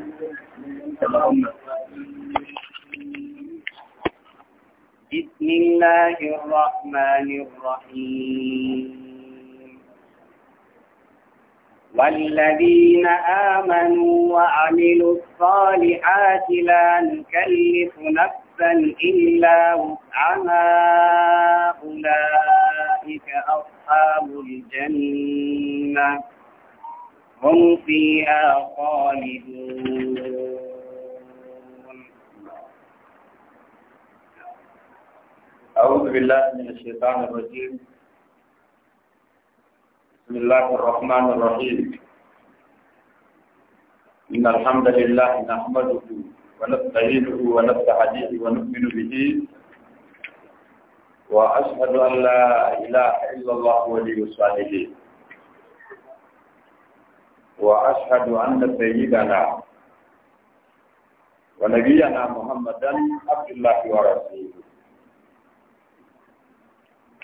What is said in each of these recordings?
بسم الله الرحمن الرحيم والذين آمنوا وعملوا الصالحات لا نكلف نفسا إلا وسعها أولئك أصحاب الجنة هم فيها خالدون أعوذ بالله من الشيطان الرجيم بسم الله الرحمن الرحيم إن الحمد لله نحمده ونستعينه ونستهديه ونؤمن به وأشهد أن لا إله إلا الله ولي الصالحين وأشهد أن سيدنا ونبينا محمدا عبد الله ورسوله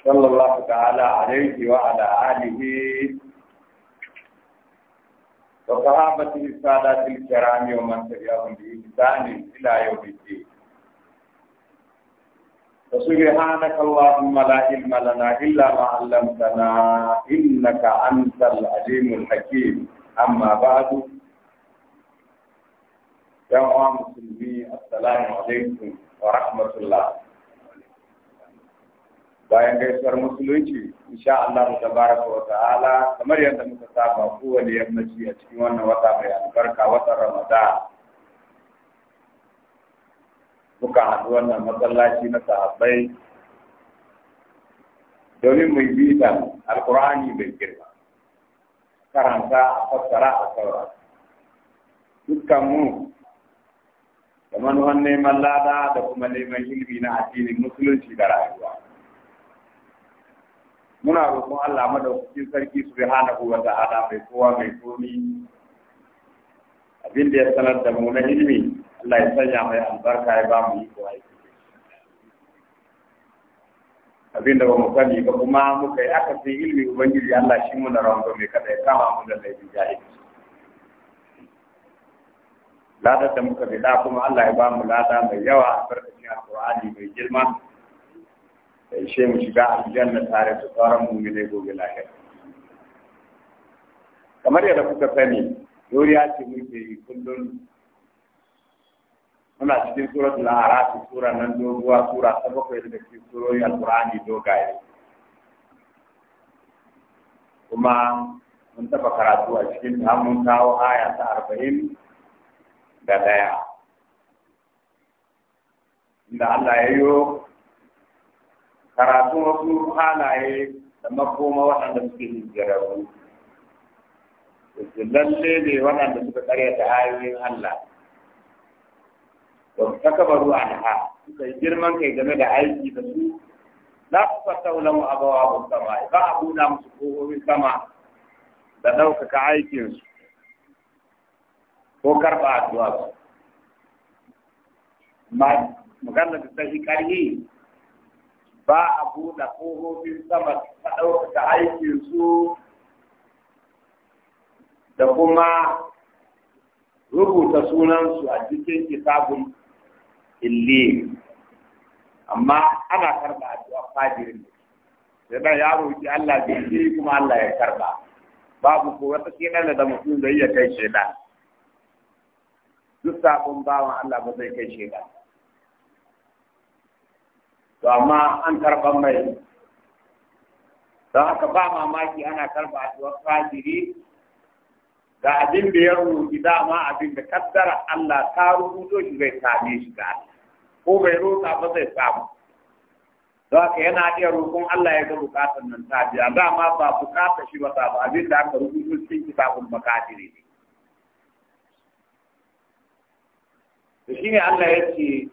صلى الله تعالى عليه وعلى آله وصحابته السادات الكرام ومن تبعهم بإحسان إلى يوم الدين فسبحانك اللهم لا علم لنا إلا ما علمتنا إنك أنت العليم الحكيم amma ba'du yan uwa musulmi assalamu alaikum wa rahmatullah bayan gaisuwar musulunci insha Allah tabaraka wa ta'ala kamar yadda muka saba kowane yammaci a cikin wannan wata mai albarka watan Ramadan muka haɗu wannan masallaci na sahabbai domin mu yi bitan alkur'ani bai girma karanta a fassara a saura dukkan mu da neman lada da kuma neman ilimi na addinin musulunci da rayuwa muna roƙon Allah madaukakin sarki subhanahu wa ta'ala mai kowa mai komi abin da ya sanar da mu na ilimi Allah ya sanya mai albarka ya ba mu yi kowa da ba mu sani ba kuma muka yi aka sai ilmi ubangiji Allah shi mu na rawanto mai kada ya kama mu da laifi jahilci ladar da muka bida kuma Allah ya ba mu lada mai yawa a barkacin alƙur'ani mai girma da ishe mu shiga aljanna tare da sauran mu'mine gobe lahira kamar yadda kuka sani doriya ce muke yi kullum muna cikin suratul araf sura nan doguwa sura ta bakwai daga cikin surori alqur'ani dogaye kuma mun taɓa karatu a cikin ta mun kawo aya ta arba'in da ɗaya inda Allah ya yi karatu wasu halaye da makoma waɗanda suke hijirarru lalle ne waɗanda suka karyata ayoyin Allah ba takabaru anha suka yi girman kai game da aiki da su la tufattahu lahum abwaabus samaa'i ba a buɗa musu kofofin sama da ɗaukaka aikinsu ko karɓa addu'a su ma maganar da ta yi ƙarfi ba a buɗa ƙofofin sama da ɗaukaka aikinsu da kuma rubuta sunansu a cikin kitabun illi amma ana karba addu'a fajiri. sai da ya roki Allah zai yi kuma Allah ya karba babu ko wata kenan da mutum zai iya kai shedan duk sabon bawan Allah ba zai kai shedan to amma an karba mai don haka ba mamaki ana karba addu'a fajiri ga abin da ya rubuta ma abin da kaddara Allah ta rubuto shi zai same shi ga Allah ko bai roƙa ba zai samu don haka yana iya roƙon Allah ya ga buƙatar nan ta biya dama ba buƙatar shi ba ba abin da aka rubuto cikin kitabun makadiri ne to shine Allah ya ce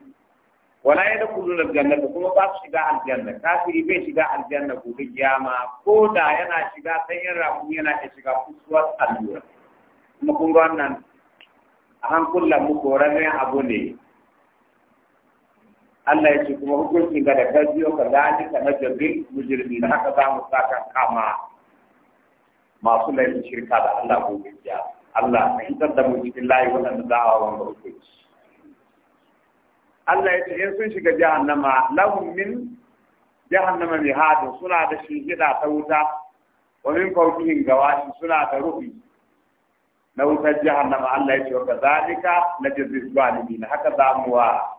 wala ya dakhulun aljanna kuma ba su shiga aljanna kafiri bai shiga aljanna gobe kiyama ko da yana shiga sai yin ramu yana da shiga kusuwar allura kuma kun ga wannan a hankulan mu koran abu ne Allah ya ce kuma hukunci ga da gajiyo ka zali ka najabil mujirmi da haka za mu saka kama masu laifin shirka da Allah ko gajiya Allah ka hitar da mu cikin layi waɗanda za a wanda hukunci Allah ya ce in sun shiga jahannama lahun min jahannama hadin suna da shingida ta wuta suna da ya ce wa ka رؤي لو تجهنم الله يشوف ذلك haka za mu wa.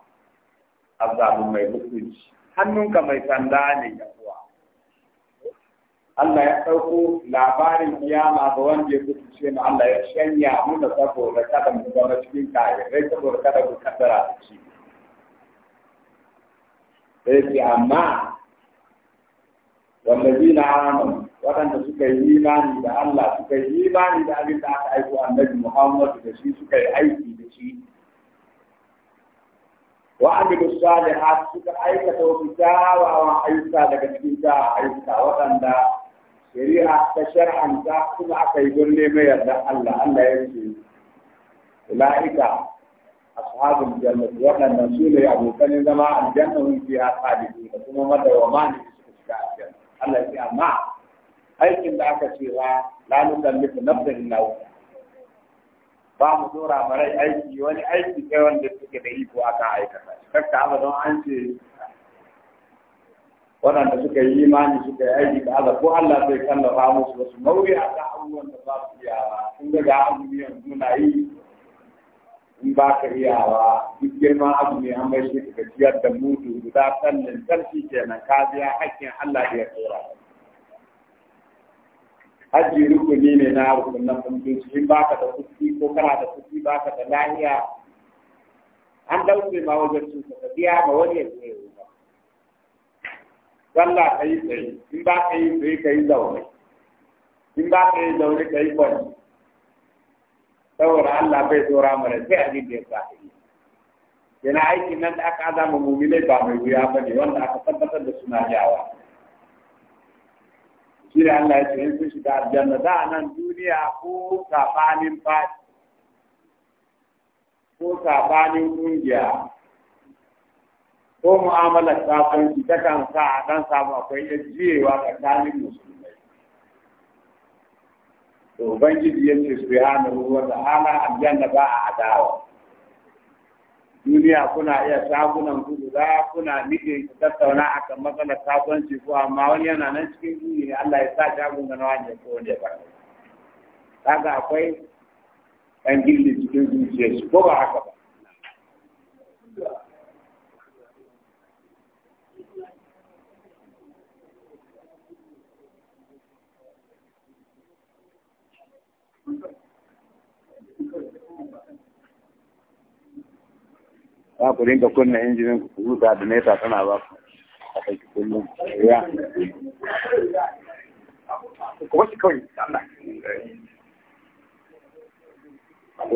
azabu mai hukunci hannunka mai sanda ne ya kuwa Allah ya ɗauko labarin kiyama ga wanda ya ce ma Allah ya shanya muna saboda kada mu zama cikin rai saboda kada mu kaddara da shi. Sai ce amma wanda na amon waɗanda suka yi imani da Allah suka yi imani da abin da aka aiko annabi Muhammadu da shi suka yi aiki da shi وعمل الصالحات سيكا ايكا توبتا وعوان ايكا لكتبتا ايكا وطندا يريها تشرع انتا كما يقول لي ما يرد الله الله يجي اولئك اصحاب الجنة وانا نسول يا ابو سلم لما الجنة هم فيها خالدون ثم مدى وماني سكتا الجنة الله يجي اما ايكا لا كثيرا لا نسلم نفسه النوم ba mu dora marai aiki wani aiki kai wanda suke da iko ka aikata kakka haka don an ce waɗanda suka yi imani suka yi aiki da Allah ko Allah zai kallafa musu wasu nauyi a ga abubuwan da ba su iyawa sun ga azumi yanzu na yi in ba ka iyawa duk girman ne an bai shi ka ciyar da mutu guda sannan sarki kenan ka biya hakkin Allah da ya tsora hajji rukuni ne na rukunan mutunci in ka da kuɗi ko kana da kuɗi ka da lahiya an dauke ma wajen su ka biya ma wani yanzu ne ba ka yi tsaye in ba ka yi tsaye ka yi zaune in ba ka yi zaune ka yi kwanci saboda Allah bai tsora mana sai a jirgin ya sa yana aikin nan da aka zama mummunai ba mai wuya ba ne wanda aka tabbatar da suna jawa shi ne Allah ya ce in sun shiga aljanna da nan duniya ko sabanin fati ko sabanin kungiya ko mu'amalar safanci ta kan sa a kan samu akwai jiyewa tsakanin musulmai to ubangiji ya ce ruwa da ta'ala aljanna ba a adawa duniya kuna iya shagunan gudu guda kuna nike tattauna a kan matsalar kasuwanci ko amma wani yana nan cikin gudu ne Allah ya sa shagun ganawa ne ko wanda ya ba kaga akwai ɗan gilli cikin zuciyarsu ko ba haka ba za ku rinka kunna injinin ku huta da nesa tana ba ku a ɗauki kullum ya kuma wasu kawai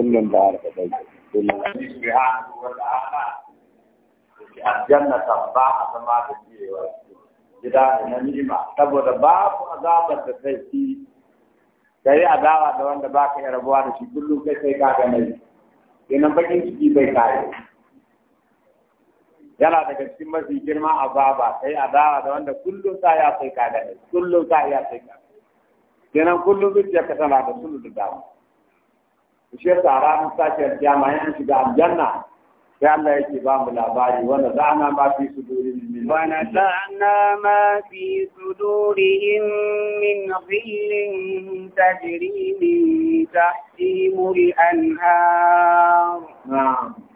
kullum da harka ɗauki kullum aljanna ta ba a zama da cewa gida da na nima. saboda ba babu azabar da sai fi kai adawa da wanda ba ka yi rabuwa da shi kullum kai sai ka ga mai kenan bakin ciki bai kare yana daga cikin mafi girma a baba sai a dawa da wanda kullum ta ya sai ka da kullum ta ya sai ka kenan kullum zuciya ka tana da sulu da dawa ku shi yasa ranar sake kiyama yan shiga aljanna sai Allah yake ba mu labari wanda za ana ma fi sudurin min wa nata'na ma fi sudurin min ghillin tajri min tahtihim al-anhar na'am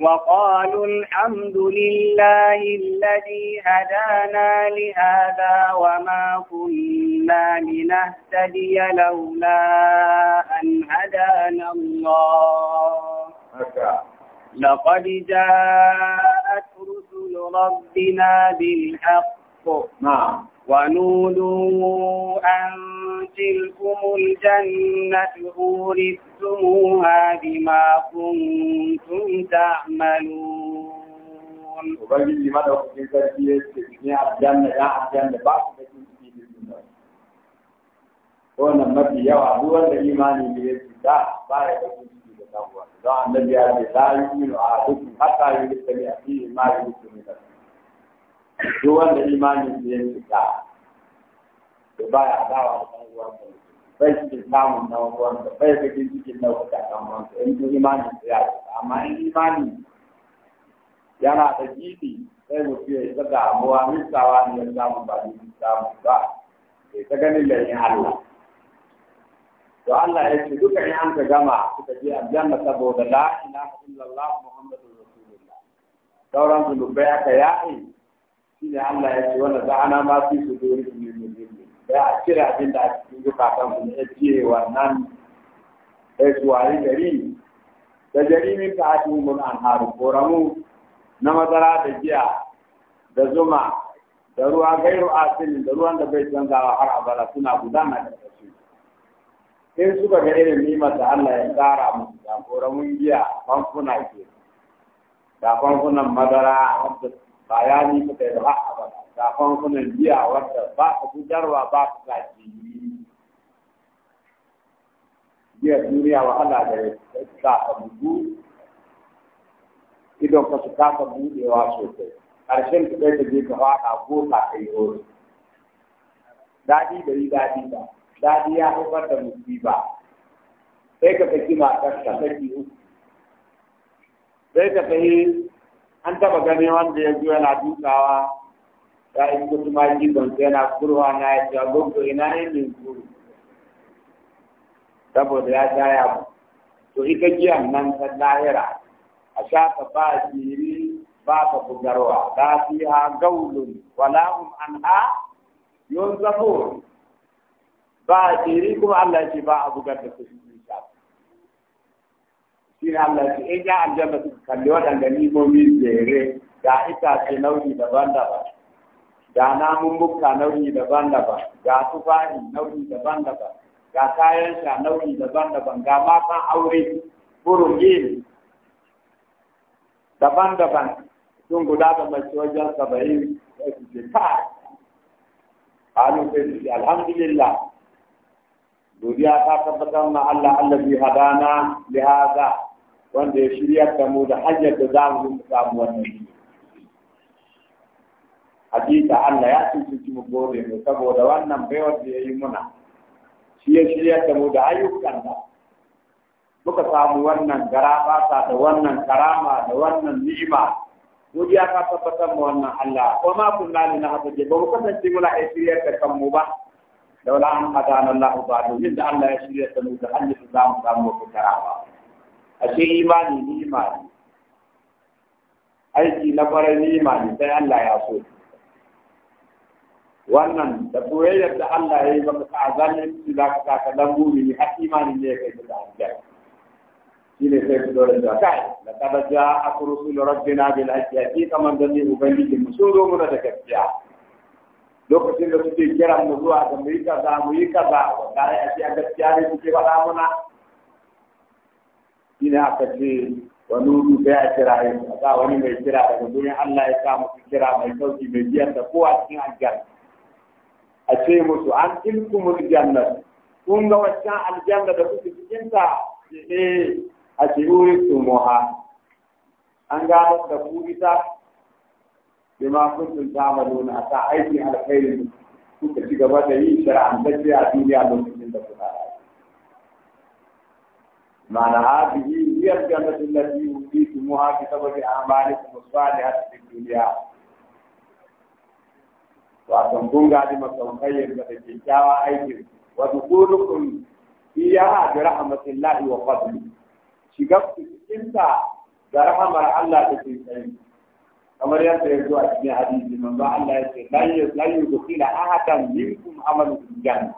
وقالوا الحمد لله الذي هدانا لهذا وما كنا لنهتدي لولا أن هدانا الله لقد جاءت رسل ربنا بالحق نعم ونودوا أن تلكم الجنة أورثتموها بما كنتم تعملون Ubangiji madaukakin sarki ya ce ne aljanna ya aljanna ba su da cin ciki da Wannan mafi yawa duk wanda imani da ya ce da ba ya da cin ciki da dan uwa. Don annabi ya ce la yu'minu ahadukum hatta yu'minu bi akhihi ma yu'minu bi duk wanda imanin ya fita da baya dawa da wanda bai cikin samun na wanda bai cikin cikin na wanda kan wanda in duk imanin ya fita amma in imani yana da gidi sai mutum ya isa damuwa misawa ne ya samu ba ne samu ba sai ta ganin da laifin Allah to Allah ya ce duka in an ka gama suka je aljanna saboda la ilaha illallah muhammadur rasulullah sauran zunubai aka yaƙi shine Allah ya ce wanda za'ana ma fi su dori su ne mai da a cire abin da ake cikin kan su na jiye wannan sai su wani gari da gari min ta ake mun an haru koramu na madara da giya da zuma da ruwa gairu asili da ruwan da bai wa har abada suna gudana da kashi in suka ga irin nimar da Allah ya tsara musu da koramun giya fanfuna ke da famfunan madara da Ba bayani muka yi ba a ba kafin kuna biya wadda ba a gudarwa ba ku gaji biya duniya wahala da ya kafa bugu idan ka su kafa budewa sosai ƙarshen ku ɗaya ta je ka faɗa ko ka kai horo daɗi da yi daɗi ba daɗi ya haifar da ba. sai ka saki matar ka saki uku sai ka sayi an taba gani wanda ya zo yana dukawa ya isko tumaki don sai yana kurwa na ya ce agogo ina ne min kuru saboda ya tsaya ba. to ita giyan nan ta lahira a sha ka ba jiri ba ka bugarwa ta fi ha gaulun wala hum an ha yun zafo ba jiri kuma Allah ya ce ba a bugar da su shi shi ne Allah ya ce in eh, ya aljanna su kalli waɗanda nimomi jere ga itace nau'i daban-daban da namun bukka nau'i daban-daban ga tufahi nau'i daban-daban ga kayan sha nau'i daban-daban ga matan aure burin yin daban-daban sun guda da mace wajen saba'in da su ce ta halin su ce alhamdulillah godiya ta tabbatar ma Allah Allah bi hadana li hada wanda ya shirya da mu da hanyar da za mu yi samu wannan shi hakika Allah ya tuntunci mu gode mu saboda wannan baiwar da ya yi muna shi ya shirya da mu da ayyukan da muka samu wannan garabasa da wannan karama da wannan ni'ima ji ka tabbatar mu wannan Allah ko ma na haka je ba mu kasance muna ya shirya da kanmu ba laula an hadana Allah ba da yadda Allah ya shirya ta mu da hanyar da za mu samu karama ashe imani ni ne aiki na kwarai ni ne sai Allah ya so wannan da soyayyar da Allah ya yi ba ka azanin su za ka saka dan mumini har imani ne ya kai da aljanna shi ne sai ku dole da kai la kada ja akrusul rabbina bil haqqi hakika man da ni ubangiji mu so zo muna da gaskiya lokacin da suke kiran mu zuwa ga mu yi kaza mu yi kaza wallahi a gaskiya ne suke faɗa muna shi ne aka ce wani nudu sai a kira yin sa wani mai kira daga gurin Allah ya sa musu kira mai sauki mai biyan da kowa cikin aljanna a ce musu an tilkumul jannat kun ga waccan da kuke cikin ta eh a ce uritumuha an gano da ku ita bima kuntum ta'maluna ta aiki alkhairin kuka ci gaba da yi shar'antacce a duniya lokacin da kuka معنى هذه هي الجنة التي أوتيتموها بسبب أعمالكم الصالحة في الدنيا وأتم كونغا دي مكونخير بتكيكاوا أيكم ودخولكم فيها برحمة الله وفضله شغفت انت برحمة الله تكيكاين كما يقول في حديث من قال الله يقول لا يدخل أحدا منكم عمل في الجنة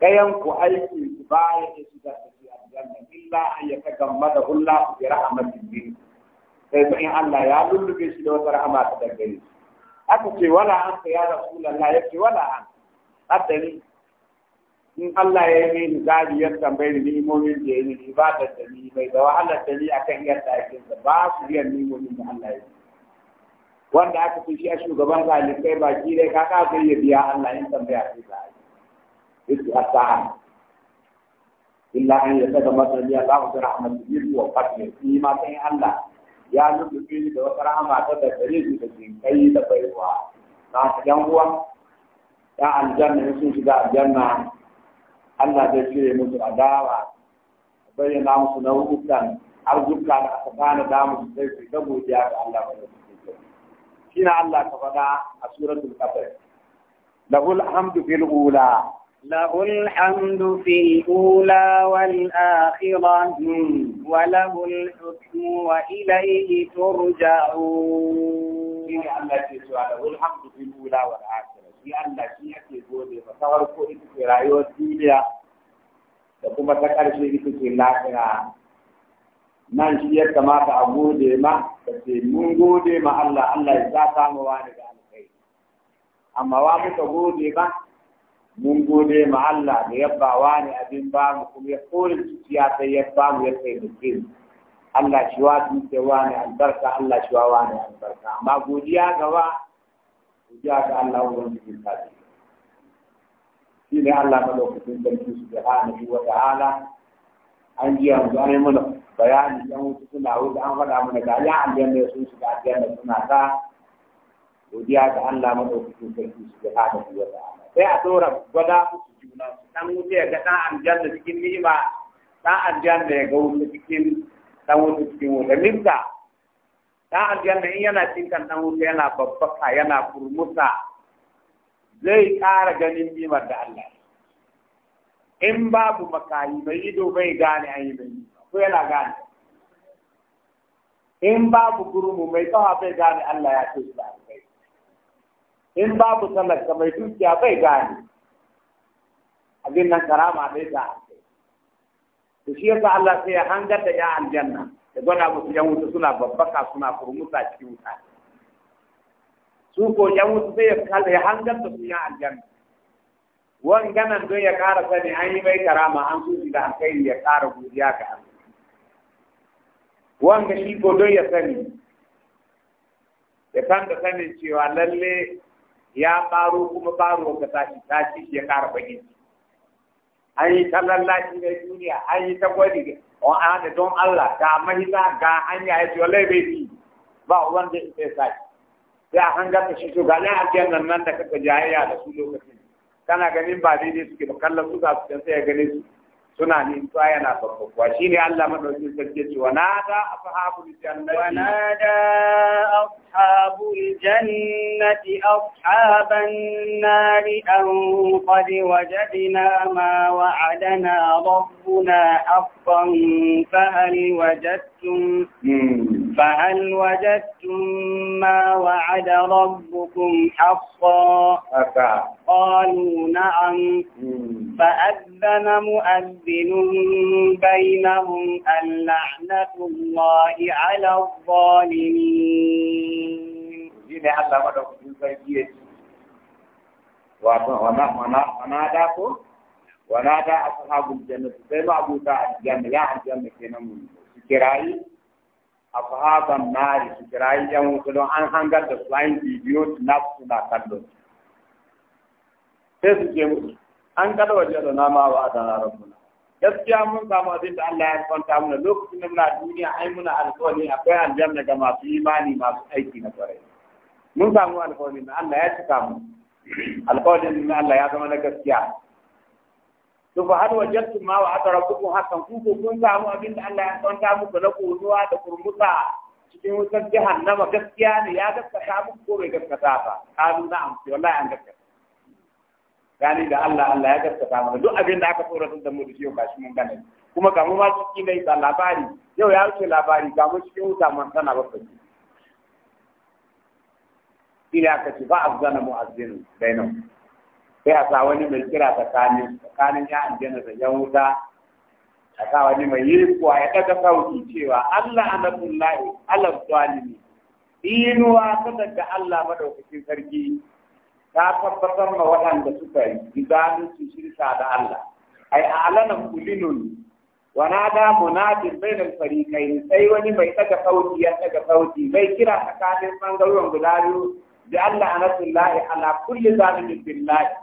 كيانكو أيكم باية شغفت aljanna illa an yatagammadahu hullahu bi rahmatin min sai in Allah ya lullube shi da wata rahama ta daga gare shi aka ce wala anta ya rasulullah ce wala an haddani in Allah ya yi ni zabi ya tambaye ni nimomin da ya yi ni ibadar da ni mai da wahalar da ni akan yadda ake da ba su biyan nimomin da Allah ya yi wanda aka fi shi a shugaban zalikai baki dai ka ka zai ya biya Allah in tambaya sai za a yi. ta Asa'an. illa an ya saka masa liya Allah ta rahmatu bi wa fatni ni ma sai Allah ya nufi ni da wata rahama ta da gare da jin kai da baiwa ta yan uwa ya aljanna sun shiga aljanna Allah zai cire musu adawa bayyana musu nau'ukan arzuka da aka gane da musu sai su ta godiya ga Allah mai na Allah ka faɗa a suratul qafir lahul hamdu fil ula له الحمد في الأولى والآخرة وله الحكم وإليه ترجعون له الحمد في الأولى والآخرة في الله شيء يقول كل كرايو الدنيا تقوم تكرر شيء في الآخرة nan shi ya kamata a gode ma da ce mun gode ma Allah Allah ya sa samu wani mun gode ma Allah da yabba wani ne abin ba mu kuma ya kore zuciya sai yabba ba mu ya taimake mu Allah shi wa dutse wa ne albarka Allah shi wa wa ne albarka amma godiya ga wa godiya ga Allah ubangiji ta ce shi ne Allah malaukakin hana shi wata ta'ala an ji yanzu an yi mana bayani yan wasu suna wuce an faɗa mana ga ya ne sun shiga da suna ta godiya ga Allah ke hana shi wata ta'ala sai a dora gwada musu juna san wuce ga ga dan da cikin ni'ima dan da ya ga wuce cikin dan wuce cikin wuta minta dan aljanna in yana cikin dan wuce yana babbaka yana furmusa zai ƙara ganin nimar da Allah in babu makayi mai ido bai gane an yi bai ko yana gane in babu gurumu mai tsawa bai gane Allah ya ce su da alkai in babu talaka mai dukiya bai gane abin nan karama dai ta hanke to shi yasa Allah sai ya hangar da ya aljanna Ya gwada musu yan wuta suna babbaka suna furmusa cikin wuta su ko yan wuta sai ya kalle ya hangar da su yan aljanna wanganan don ya kara sani an yi mai karama an suji da alkhairi ya kara godiya ga Allah wanga shi ko don ya sani ya san da sanin cewa lalle ya baro kuma baro ka tashi tashi ya kara bage an yi ta lallashi na duniya an yi ta gwari on oh, ana ah, don Allah ga mahila ga hanya ya ce wallahi bai fi ba wanda ya sai sai sai a hanga ta shi to ga na aljanna nan nan da kaka jayayya da su lokacin kana ganin ba daidai suke ba kallon su ga su sai ya gane su suna nisa yana babbakuwa shi ne Allah madaukin sarki ce wa nada ashabul jannati wa nada ashabul jannati ashaban nari an qad wajadna ma wa'adana rabbuna haqqan fa hal wajadtum hmm. فهل وجدتم ما وعد ربكم حقا قالوا نعم فأذن مؤذن بينهم اللعنة الله على الظالمين ونادى أصحاب الجنة سيما أبو سعد الجنة يا الجنة كنا ashaban nari su kirayi yan wuta don an hangar da flying an bibiyo na su na kallon sai su ce musu an kada waje da nama wa a rabbuna gaskiya mun samu abin da Allah ya kwanta muna lokacin da muna duniya ai muna alƙawari akwai aljanna ga masu imani masu aiki na kwarai mun samu alƙawari na Allah ya cika mu alƙawarin na Allah ya zama na gaskiya to fa hal wajadtum ma wa atarakum hakan ku ko kun samu abin da Allah ya tsanta muku na kuruwa da kurmusa cikin wutar jahannama gaskiya ne ya gaskata muku ko bai gaskata ba kalu na amsi wallahi an gaskata gani da Allah Allah ya gaskata mu duk abin da aka tsoratar da mu da shi mun gane kuma ga mu ma cikin mai da labari yau ya wuce labari ga mu cikin wuta man sana ba fa ila ka ci ba azana mu'azzin bainahu sai a sa wani mai kira tsakanin tsakanin ya aljanna da ya wuta a sa wani mai yi kuwa ya daga sauki cewa Allah anatullahi alam zalimi inuwa ta daga Allah madaukakin sarki ta tabbatar ma waɗanda suka yi su shirka da Allah ai alanan kulinun wa nada munadin bainal fariqain sai wani mai daga sauki ya daga sauki mai kira tsakanin bangarorin guda biyu da Allah anatullahi ala kulli zalimin billahi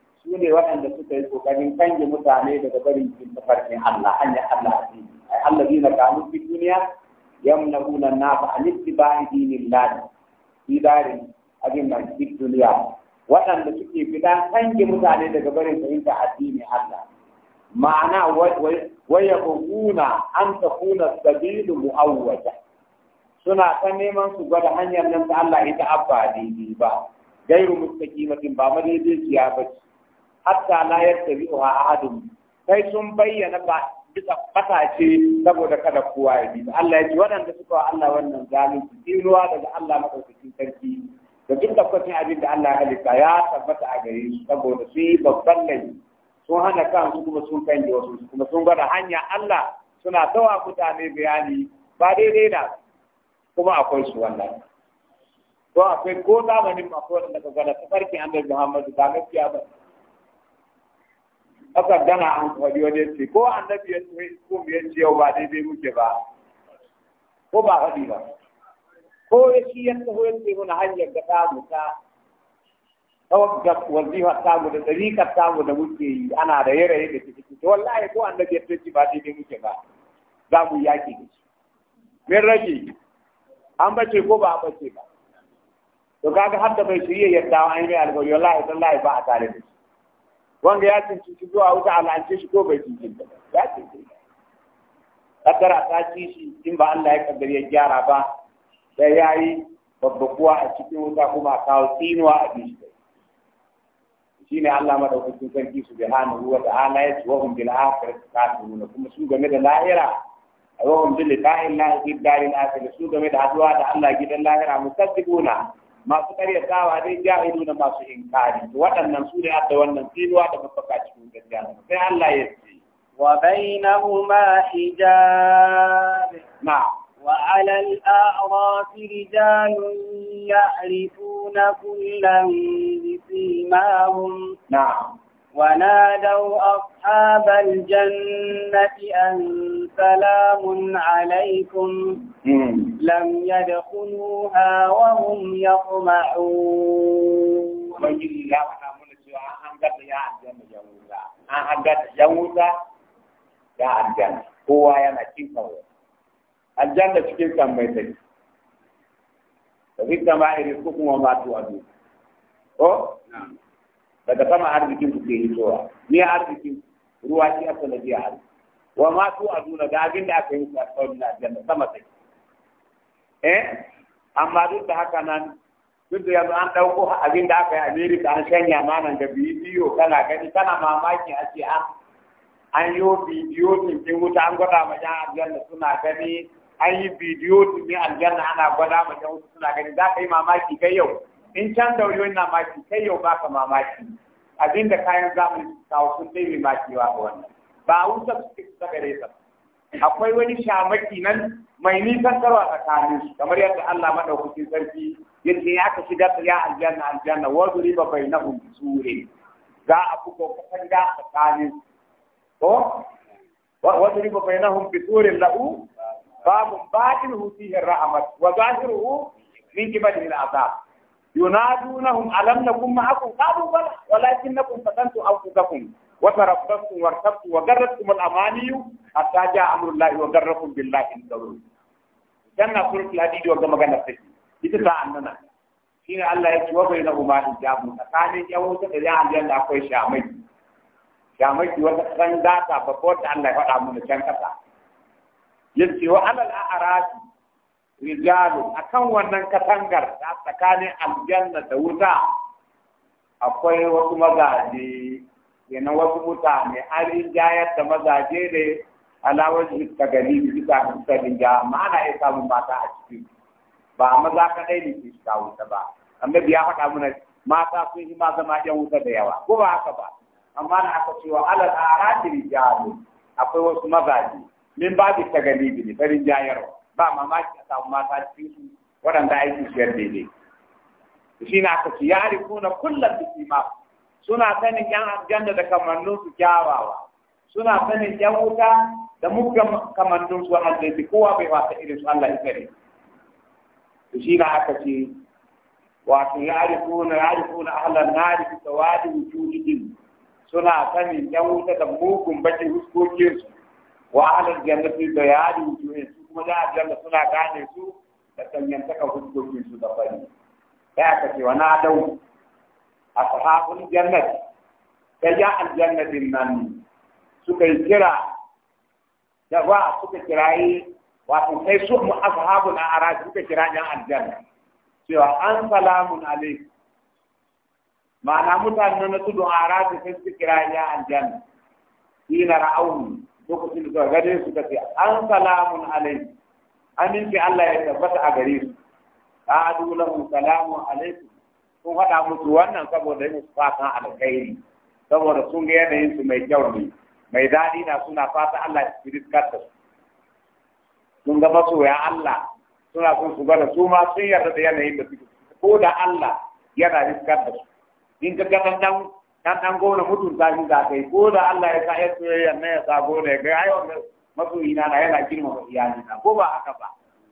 su ne waɗanda suka yi ƙoƙarin kange mutane daga barin cikin tafarkin Allah hanyar Allah cikin ai Allah zina kamun mutu duniya a nitsi ba a dinillahi ladi darin abin ma fi duniya waɗanda suke fita kange mutane daga barin ta addini Allah ma'ana waya kuna an ta kuna sabilu mu'awwaja suna ta neman su gwada hanyar nan ta Allah ita abba daidai ba gairu mustaqimatin ba madaidaiciya ba ce hatta la a ahadun sai sun bayyana ba bisa saboda kada kowa ya bi Allah ya ji waɗanda suka wa Allah wannan zalunci tsinuwa daga Allah madaukakin sarki da duk da kwacin abin da Allah ya halitta ya tabbata a gare su saboda sun yi babban laifi sun hana kansu kuma sun kange wasu kuma sun gwada hanya Allah suna tawa mutane bayani ba daidai da kuma akwai su wannan. ko akwai ko zamanin akwai wanda daga gwada tafarkin annabi Muhammadu ba gaskiya ba aka gana an kwaɗi wajen ce ko annabi ya ce ko ya ce yau ba daidai muke ba ko ba haɗi ba ko ya shi ya taho ya ce muna hanyar da ta mu ta tsawon ga wazifar mu da tsarikar tamu da muke yi ana da yare da ke ciki to wallahi ko annabi ya ce ba dai dai muke ba za mu yaƙi da shi min rage an bace ko ba a bace ba to kaga har da bai shirya yadda an yi mai alƙawari wallahi tallahi ba a tare da shi wanda ya cinci zuwa wuta al'ance shi ko bai cinci ba ya cinci kaddara ta ci shi in ba Allah ya kaddare ya gyara ba sai ya yi babbakuwa a cikin wuta kuma kawo tsinuwa a Shi ne Allah madaukakin sarki subhanahu wa ta'ala ya ce wa hum bil akhirati kafirun kuma su game da lahira wa hum bil liqa'i Allah fi daril akhirah su game da haduwa da Allah gidan lahira musaddiquna masu karyatawa dai jahilu na masu inkari waɗannan su ne adda wannan tsinuwa da mafaka cikin gaskiya sai Allah ya ce wa bainahuma hijab na'am وعلى الأعراف رجال يعرفون كلا بسيماهم نعم ونادوا أصحاب الجنة أن سلام عليكم لم يدخلوها وهم يطمعون an haddata yan wuta da aljanna kowa yana cin aljanna cikin kan mai sai da fi kama irin kuma ma ko daga sama arzikin ku ke hitowa ne arzikin ruwa shi a sanadiyya wa ma tu aduna da abin da aka yi a sauran aljanna sama sai eh amma duk da haka nan duk da yanzu an ɗauko abin da aka yi America an shanya manan da bidiyo kana gani kana mamaki a ce an ah, an yi bidiyo din kin wuta an gwada ma jan aljanna suna gani an yi bidiyo din aljanna ana gwada ma jan suna gani za ka yi mamaki kai yau in can da wuri na maki kai yau baka mamaki abinda kayan zamani kawo sun dai mai makewa ga wannan ba a wuta su ke kusa gare ta akwai wani shamaki nan mai nisan karwa tsakanin su kamar yadda Allah madaukakin sarki ya ce ya ka shiga ya aljanna aljanna wa na bainahum sure za a bugo katanga tsakanin ko wa zuriba bainahum sure lahu babun batin hu fihi rahmat wa zahiruhu min qibalihi azab ينادونهم ألم نكن معكم قالوا بلى ولكنكم فتنتم أنفسكم وتربصتم وارتبتم وغرتكم الأماني حتى جاء أمر الله وغركم بالله إن تغروا كان سورة الحديد وكما كان فيه يتسعى أننا شين الله يكي وبينهما حجاب متقاني يوم تدري عن جنة أخوي شامي شامي في وقت خنداتا بقوة الله يفعل من شنكتا يلسي وعلى الأعراض rijalu akan wannan katangar da tsakanin aljanna da wuta akwai wasu mazaje kenan wasu mutane an rinjayar da mazaje ne alawar ta gani bisa bisa rinja ma'ana ya samu mata a ciki ba maza kaɗai ne ke shiga wuta ba amma biya faɗa mana mata sun yi ma zama yan wuta da yawa ko ba haka ba amma na aka cewa alal arati rijalu akwai wasu mazaje min ba ta gani bi ne ta rinjayarwa ba mamaki a samu mata cikin su waɗanda aiki shiyar daidai shi na ka ci yari kuna kullum biki ma suna sanin yan aljanna da kamannin su kyawawa suna sanin yan wuta da muka kamannin su wannan daidai kowa bai wasa irin su Allah ya kare shi na ka ci wato yari kuna yari kuna ahlan nari bi tawadi wujudihim suna sanin yan wuta da mugun bakin huskokin su wa ahlan jannati da yari wujuhin su kuma da aljanna suna gane su da sanyantaka hujjojin su da fari da aka ce wa na dau a sahabun jannati sai ya aljannatin nan suka yi kira da ba suka kirayi wato sai su mu a a'raj suka kira yan aljanna cewa an salamun alaikum ma'ana mutanen na tudu a'raj sai suka kira yan aljanna ina ra'awni lokacin da gare su kace an salamun alaikum aminci Allah ya tabbata a gare su qalu lahu salamun alaikum sun faɗa musu wannan saboda yin musu fatan alkhairi saboda sun ga yanayin su mai kyau ne mai daɗi na suna fata Allah ya fi da su sun ga ya Allah suna sun su gara su ma sun yarda da yanayin da suke ko da Allah yana riskar da su in ka ga dan kan dan gona mutunta shi za kai ko da Allah ya sa ya soyayya ya ya sa gona ya ga ai wannan masoyina na yana girma iyali na ko ba haka ba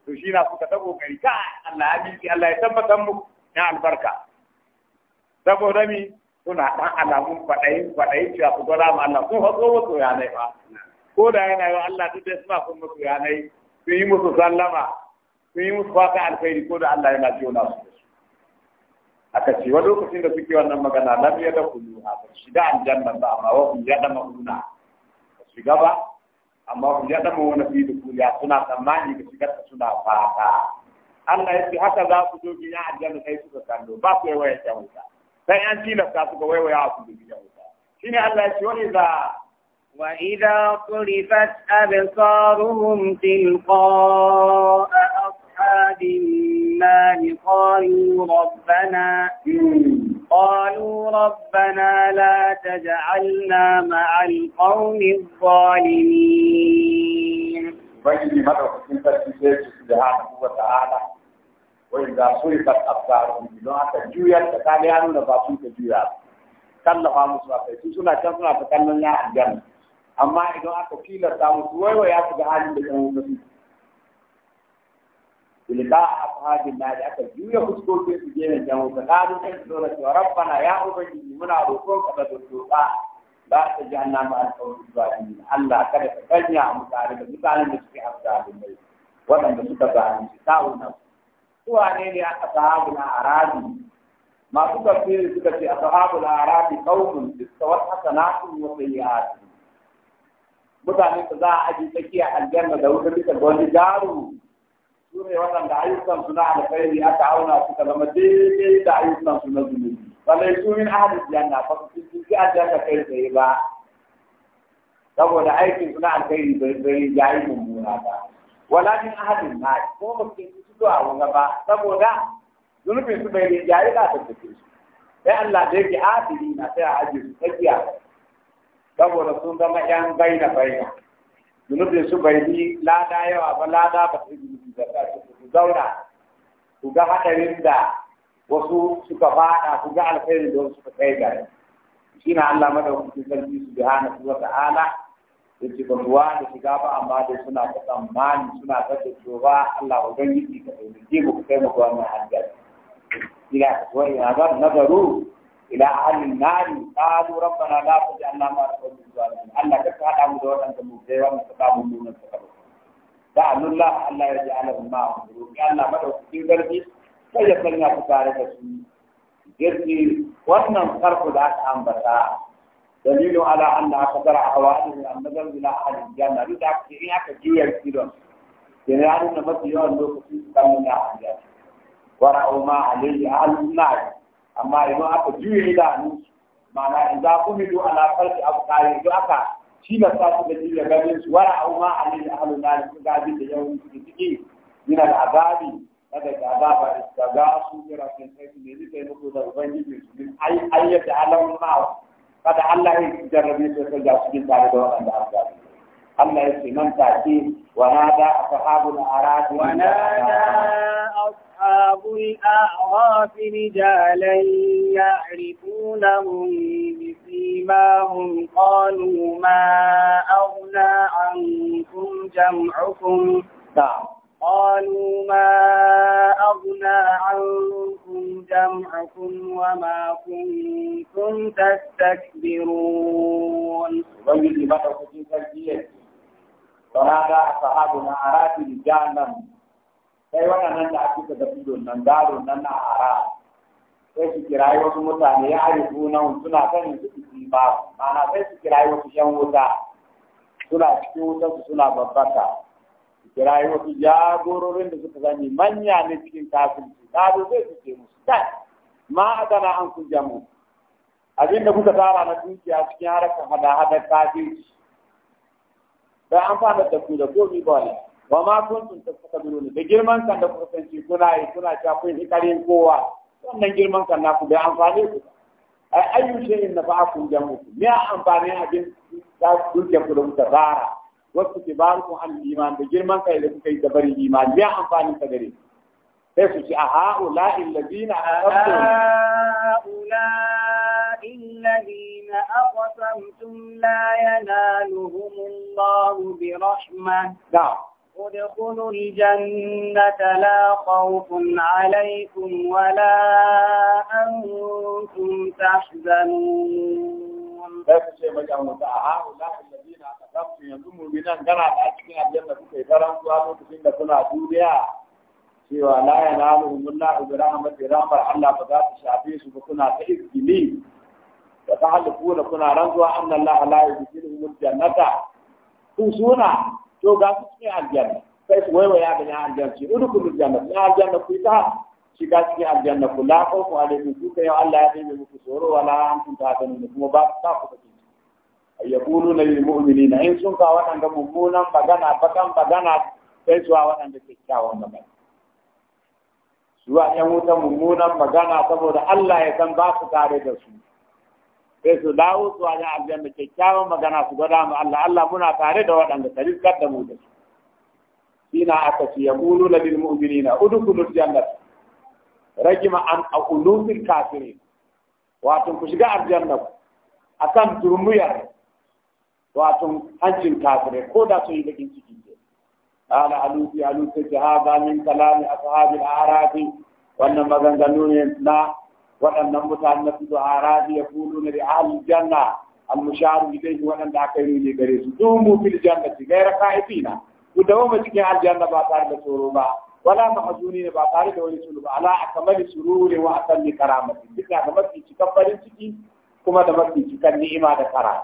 to shi na kuka tabo kai ka Allah ya bi Allah ya tabbata mu na albarka saboda mi kuna dan alamun fadai fadai cewa ku gora ma Allah kun hatso wato ya nai ba ko da yana yo Allah duk da suna kun mutu ya nai sun yi musu sallama sun yi musu fata alkhairi ko da Allah yana jiyo na su aka ce wa lokacin da suke wannan magana lam ya da kulu ha shiga aljanna ba amma wa hum ya da mauna shiga ba amma hum ya da mauna fi dukuliya suna tsammani da shigar suna fata Allah ya ce haka za ku doge ya aljanna sai suka kallo ba ku waya ta wuta sai an tilasta suka waiwaya ku doge ya wuta shine Allah ya ce wani za وإذا صرفت أبصارهم تلقاء أصحاب النار الله قالوا ربنا قالوا ربنا لا تجعلنا مع القوم الظالمين بجد مرة كنت تسير سبحانه وتعالى وإذا صرفت أبصارهم إذا تجويا تتعليان نباسون تجويا كان كلها مصرفة سنة لها تتكلم عن الجنة أما إذا أكو كيلة تامسوا ويأتي بحال من الأمم bilqa ashabin nar aka juya fuskokin su je da mu ka kadu sai su dora cewa rabbana ya ubangiji muna roƙon ka da doka ba ta jahannama alƙawarin zalimin Allah kada ka kanya mu tare da mutanen da suke afzalin mai waɗanda suka zalunci ta'un nan su wane masu ce na mutane da za a aji tsakiya aljanna da wuta bisa ga wani jaru su ne waɗanda ayyukan su na alkhairi aka auna su ka zama daidai da ayyukan su na zunubi balai su min ahadin na fasa su sun ji aljanna kai tsaye ba saboda aikin su na alkhairi bai bai yayi mummuna ba wala ahadin na ko ba su ji zuwa wanga ba saboda zunubin su bai yayi ba ta tafi su sai Allah da yake adili na sai a ajiye su tsakiya saboda sun zama yan bai na zunubin su bai yi lada yawa ba lada ba su yi zauna ku ga haɗarin da wasu suka faɗa ku ga alkhairin da suka kai gare shi na Allah madaukakin sarki subhanahu wa ta'ala yace ba ruwa da shiga ba amma dai suna ta tsammani suna ta tsoro ba Allah ubangiji ka taimake mu ku kai mu ga wannan hajjar ila wa ila nazaru ila ahli nari qalu rabbana la taj'alna ma'a al-qawmi adh-dhalimin Allah ka hada mu da waɗanda mu kai wa mu ta mu nuna Da sa'alullah Allah ya ji alahu ma roƙi Allah madaukakin garbi sai ya sanya ku tare da su girki wannan farko da aka ambata dalilin ala anna aka zara a hawa ne an nazar ila ahalin janna duk da aka in aka juya kilon yana ya nuna mafi yawan lokacin su kan nuna a janna wara umma alayhi ahalin nar amma idan aka juya idanun ma'ana in za ku mido ala farki abu kare duk aka shi na sa su da da ganin su wara a ma alil ga abin da yau su ciki yana da azabi kada ga azaba da ga su ne rafin sai ne zai muku da ubangiji su ne ai da alamun ma kada Allah ya jarrabe su sai ga su bin tare da Allah ya ce nan take wa nada wa nada أصحاب الأعراف رجالا يعرفونهم بسيماهم قالوا ما أغنى عنكم جمعكم نعم. قالوا ما أغنى عنكم جمعكم وما كنتم تستكبرون ويجب أن تكون تربية أصحاب الأعراف رجالا sai waɗannan da ake daga don nan gado nan na ara sai su kirayi wasu mutane ya ari suna suna sanin su su ba mana sai su kirayi wasu yan wuta suna cikin wutar su suna babbaka su kirayi wasu jagororin da suka sani manya ne cikin kafirci gado zai su ce musu kai ma a gana an ku jamu abin da kuka tara na dukiya cikin harkar hada-hadar kafirci don an fada da ku da komi ba ne wa ma kuntum tastakbirun da girman kan da kuka sanci kuna yi kuna ta kun hikarin kowa wannan girman kan naku bai amfane ku ai ayyu shay'in nafa'akum jamukum me amfane abin da duke ku da kuka tsara wasu kibarukum an iman da girman kai da kuka yi da bari iman me amfani ka gare sai su ci a ha'ula illazina الذين أقسمتم لا ينالهم الله برحمة نعم ادخلوا الجنة لا خوف عليكم ولا أنتم تحزنون cewa la ya na alu umurna ubira mafi ramar Allah ba za su shafe su ba kuna ta izini da ta da kuna ranzuwa annan la ala yi bikin suna to ga su cikin aljanna sai su waiwaya da yan aljanna ce udkhulul janna na aljanna ku ta ga cikin aljanna ku la khawfu alaykum ku yau Allah ya dai muku tsoro wala antum ta'tanun kuma ba ta ku take yaquluna lil mu'minina in sun ka waɗanda mummunan magana bakan magana sai su waɗanda kyakkyawan magana zuwa ‘yan wuta mummunan magana saboda Allah ya san ba su tare da su sai su dawo su wajen da kyakkyawan magana su gwada mu Allah Allah muna tare da waɗanda ta rizkar da mu da su shine aka ce yaqulu lil mu'minina udkhulul jannata rajima an aqulul kafirin wato ku shiga aljanna akan turmiyar. wato hancin kafire, ko da su yi bakin ciki ne قال ألوسي ألوسي هذا من كلام أصحاب Wannan maganganu ne na. waɗannan mutane na fito a rabi ya na da ahalin janna almusharu shi waɗanda aka yi ne gare su tun mu fil ci gaira na ku dawo ma cikin aljanna ba tare da tsoro ba wala mahzuni ne ba tare da wani tsoro ba ala akamali sururi wa akalli karamati duka da mafi cikan farin ciki kuma da mafi cikan ni'ima da kara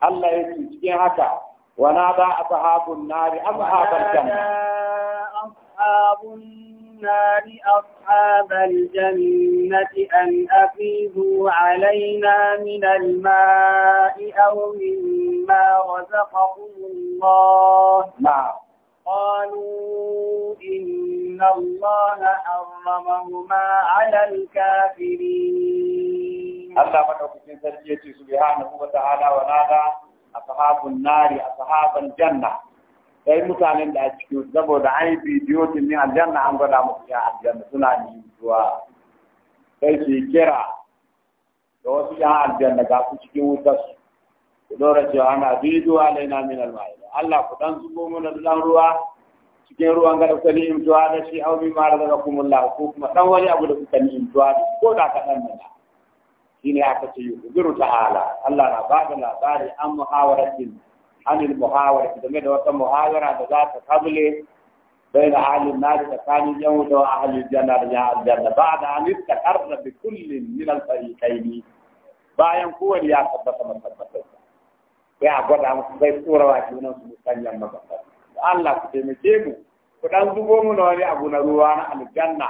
Allah ya ce cikin haka wana da ashabun nari ashabal janna وقلنا لأصحاب الجنة أن أفيدوا علينا من الماء أو مما رزقهم الله نعم قالوا إن الله حرمهما على الكافرين الله مدعوكين سرجيتي سبحانه وتعالى ونادى أصحاب النار أصحاب الجنة sai mutanen da a cikin saboda an yi bidiyo tun ni aljanna an gwada musu ya aljanna suna ni zuwa sai su kira da wasu 'yan aljanna ga su cikin wutar su ku dora cewa ana bidiyo alaina min alma'ida Allah ku dan zubo mana dan ruwa cikin ruwan gada kuka ni'imtuwa da shi au bi ma razaqakumullah ko kuma dan wani abu da kuka ni'imtuwa da ko da shi ne shine aka ce yubiru ta'ala Allah na ba da labari an muhawaratin anil muhawara game da wata muhawara da za ta da na kabule بين أهل النار فكان يهود وأهل الجنة رجاء الجنة بعد أن استقر بكل من الفريقين bayan kowane ya tabbata matabbatar sai a gwada musu zai tsora wa junan su musanyan matabbatar Allah ku taimake mu ku dan zubo mu na wani abu na ruwa na aljanna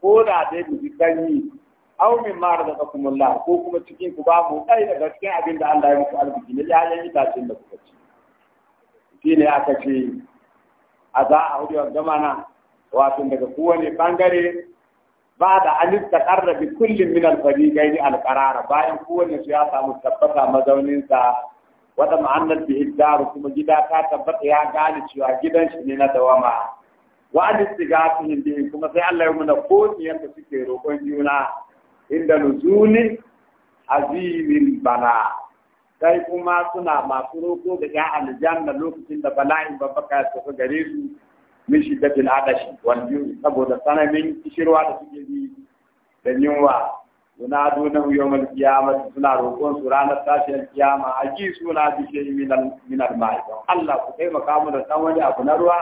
ko da dai mu ji sanyi aw min ma razaqakumullah ko kuma cikin ku ba mu dai daga cikin abin da Allah ya muku arziki ne ya yayi cin da kuka ci ne aka ce a za a hudu zamana wato daga kowane bangare ba da an takarra bi kullum min al-fariqayn al bayan kowane su ya samu tabbata mazauninsa. sa wata ma'annar bi kuma gida ta tabbata ya gane cewa gidan shi ne na dawama wa an istigatihim bi kuma sai Allah ya muna ko ne suke roƙon juna inda nuzuli azimin bala sai kuma suna masu roko da ya aljanna lokacin da bala'in babbaka ya sauka gare su min shiddatil adashi wal saboda sanamin kishirwa da suke yi da yunwa yunaduna yawmal kiyama suna roƙon su ranar tashin kiyama aji suna bi min al Allah ku taimaka mu da san wani abu na ruwa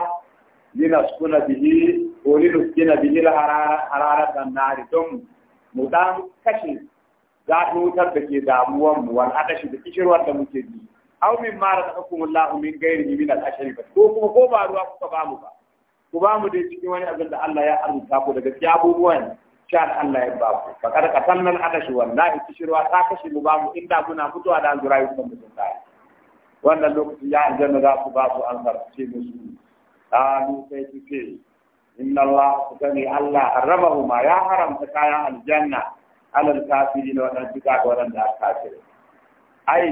linaskuna bihi ko linaskina bihi hararatan nari don mu dan kashe wutar da ke damuwan mu wal adashi da kishirwar da muke ji aw min ma laumin min ghairihi min al-ashri ko kuma ko ba ruwa kuka ba mu ba ku ba mu dai cikin wani abin da Allah ya arzuta ku daga gaskiya abubuwan sha Allah ya ba ku fa kada ka tannan adashi wallahi kishirwa ta kashe mu ba mu inda kuna mutuwa da zurayi kuma wannan lokaci ya aljanna za ku ba su musu ni sai ce inna Allah kutani Allah harramahuma ya haramta kayan aljanna alal kafirin waɗanda duka ga waɗanda kafirin ai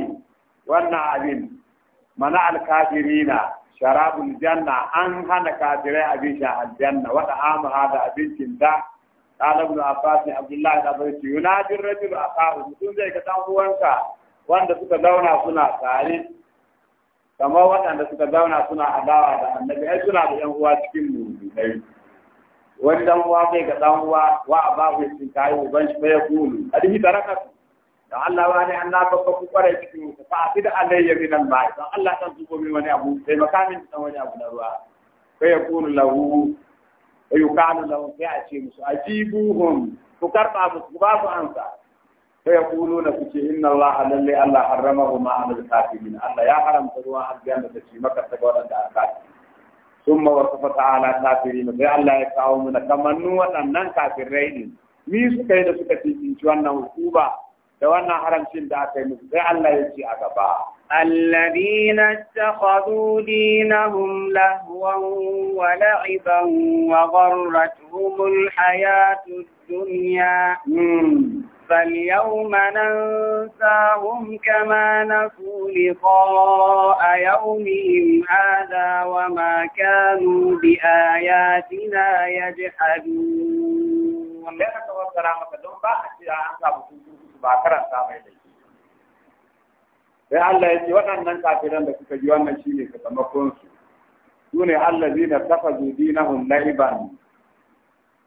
wannan abin mana alkafirina sharabul janna an hana kafirai abin sha aljanna wata amu hada abincin da قال ابن عباس عبد الله بن ينادي الرجل اخاه zai uwanka wanda suka zauna suna kama waɗanda suka zauna suna adawa da annabi ai suna da yan uwa cikin mu'minai wani dan uwa bai ga dan uwa wa abahu sun kai uban shi bai kulu hadisi taraka da Allah wani annaba ko ku kware cikin ku fa bid alayya min al-ma'i dan Allah kan zubo min wani abu sai makamin dan wani abu na ruwa fa kulu lahu ayu kanu lahu sai a ce musu ajibuhum ku karba musu ba ku ansa فيقولون كتي إن الله للي الله حرمهما على الكافرين الله يا حرم تروى الجنة في مكة تقول أنت الكافرين ثم وصف تعالى الكافرين في الله يكاومنا كمنوا أنن كافرين مي سكيد سكتي من شوانا وكوبا دوانا حرم شين داكين في الله يجي أكبا الذين اتخذوا دينهم لهوا ولعبا وغرتهم الحياة الدنيا الدنيا فاليوم ننساهم كما نسوا لقاء يومهم هذا وما كانوا بآياتنا يجحدون sai Allah ya ce waɗannan kafiran da suka ji wannan ne sakamakonsu su ne Allah zai da tafazu dinahum laiban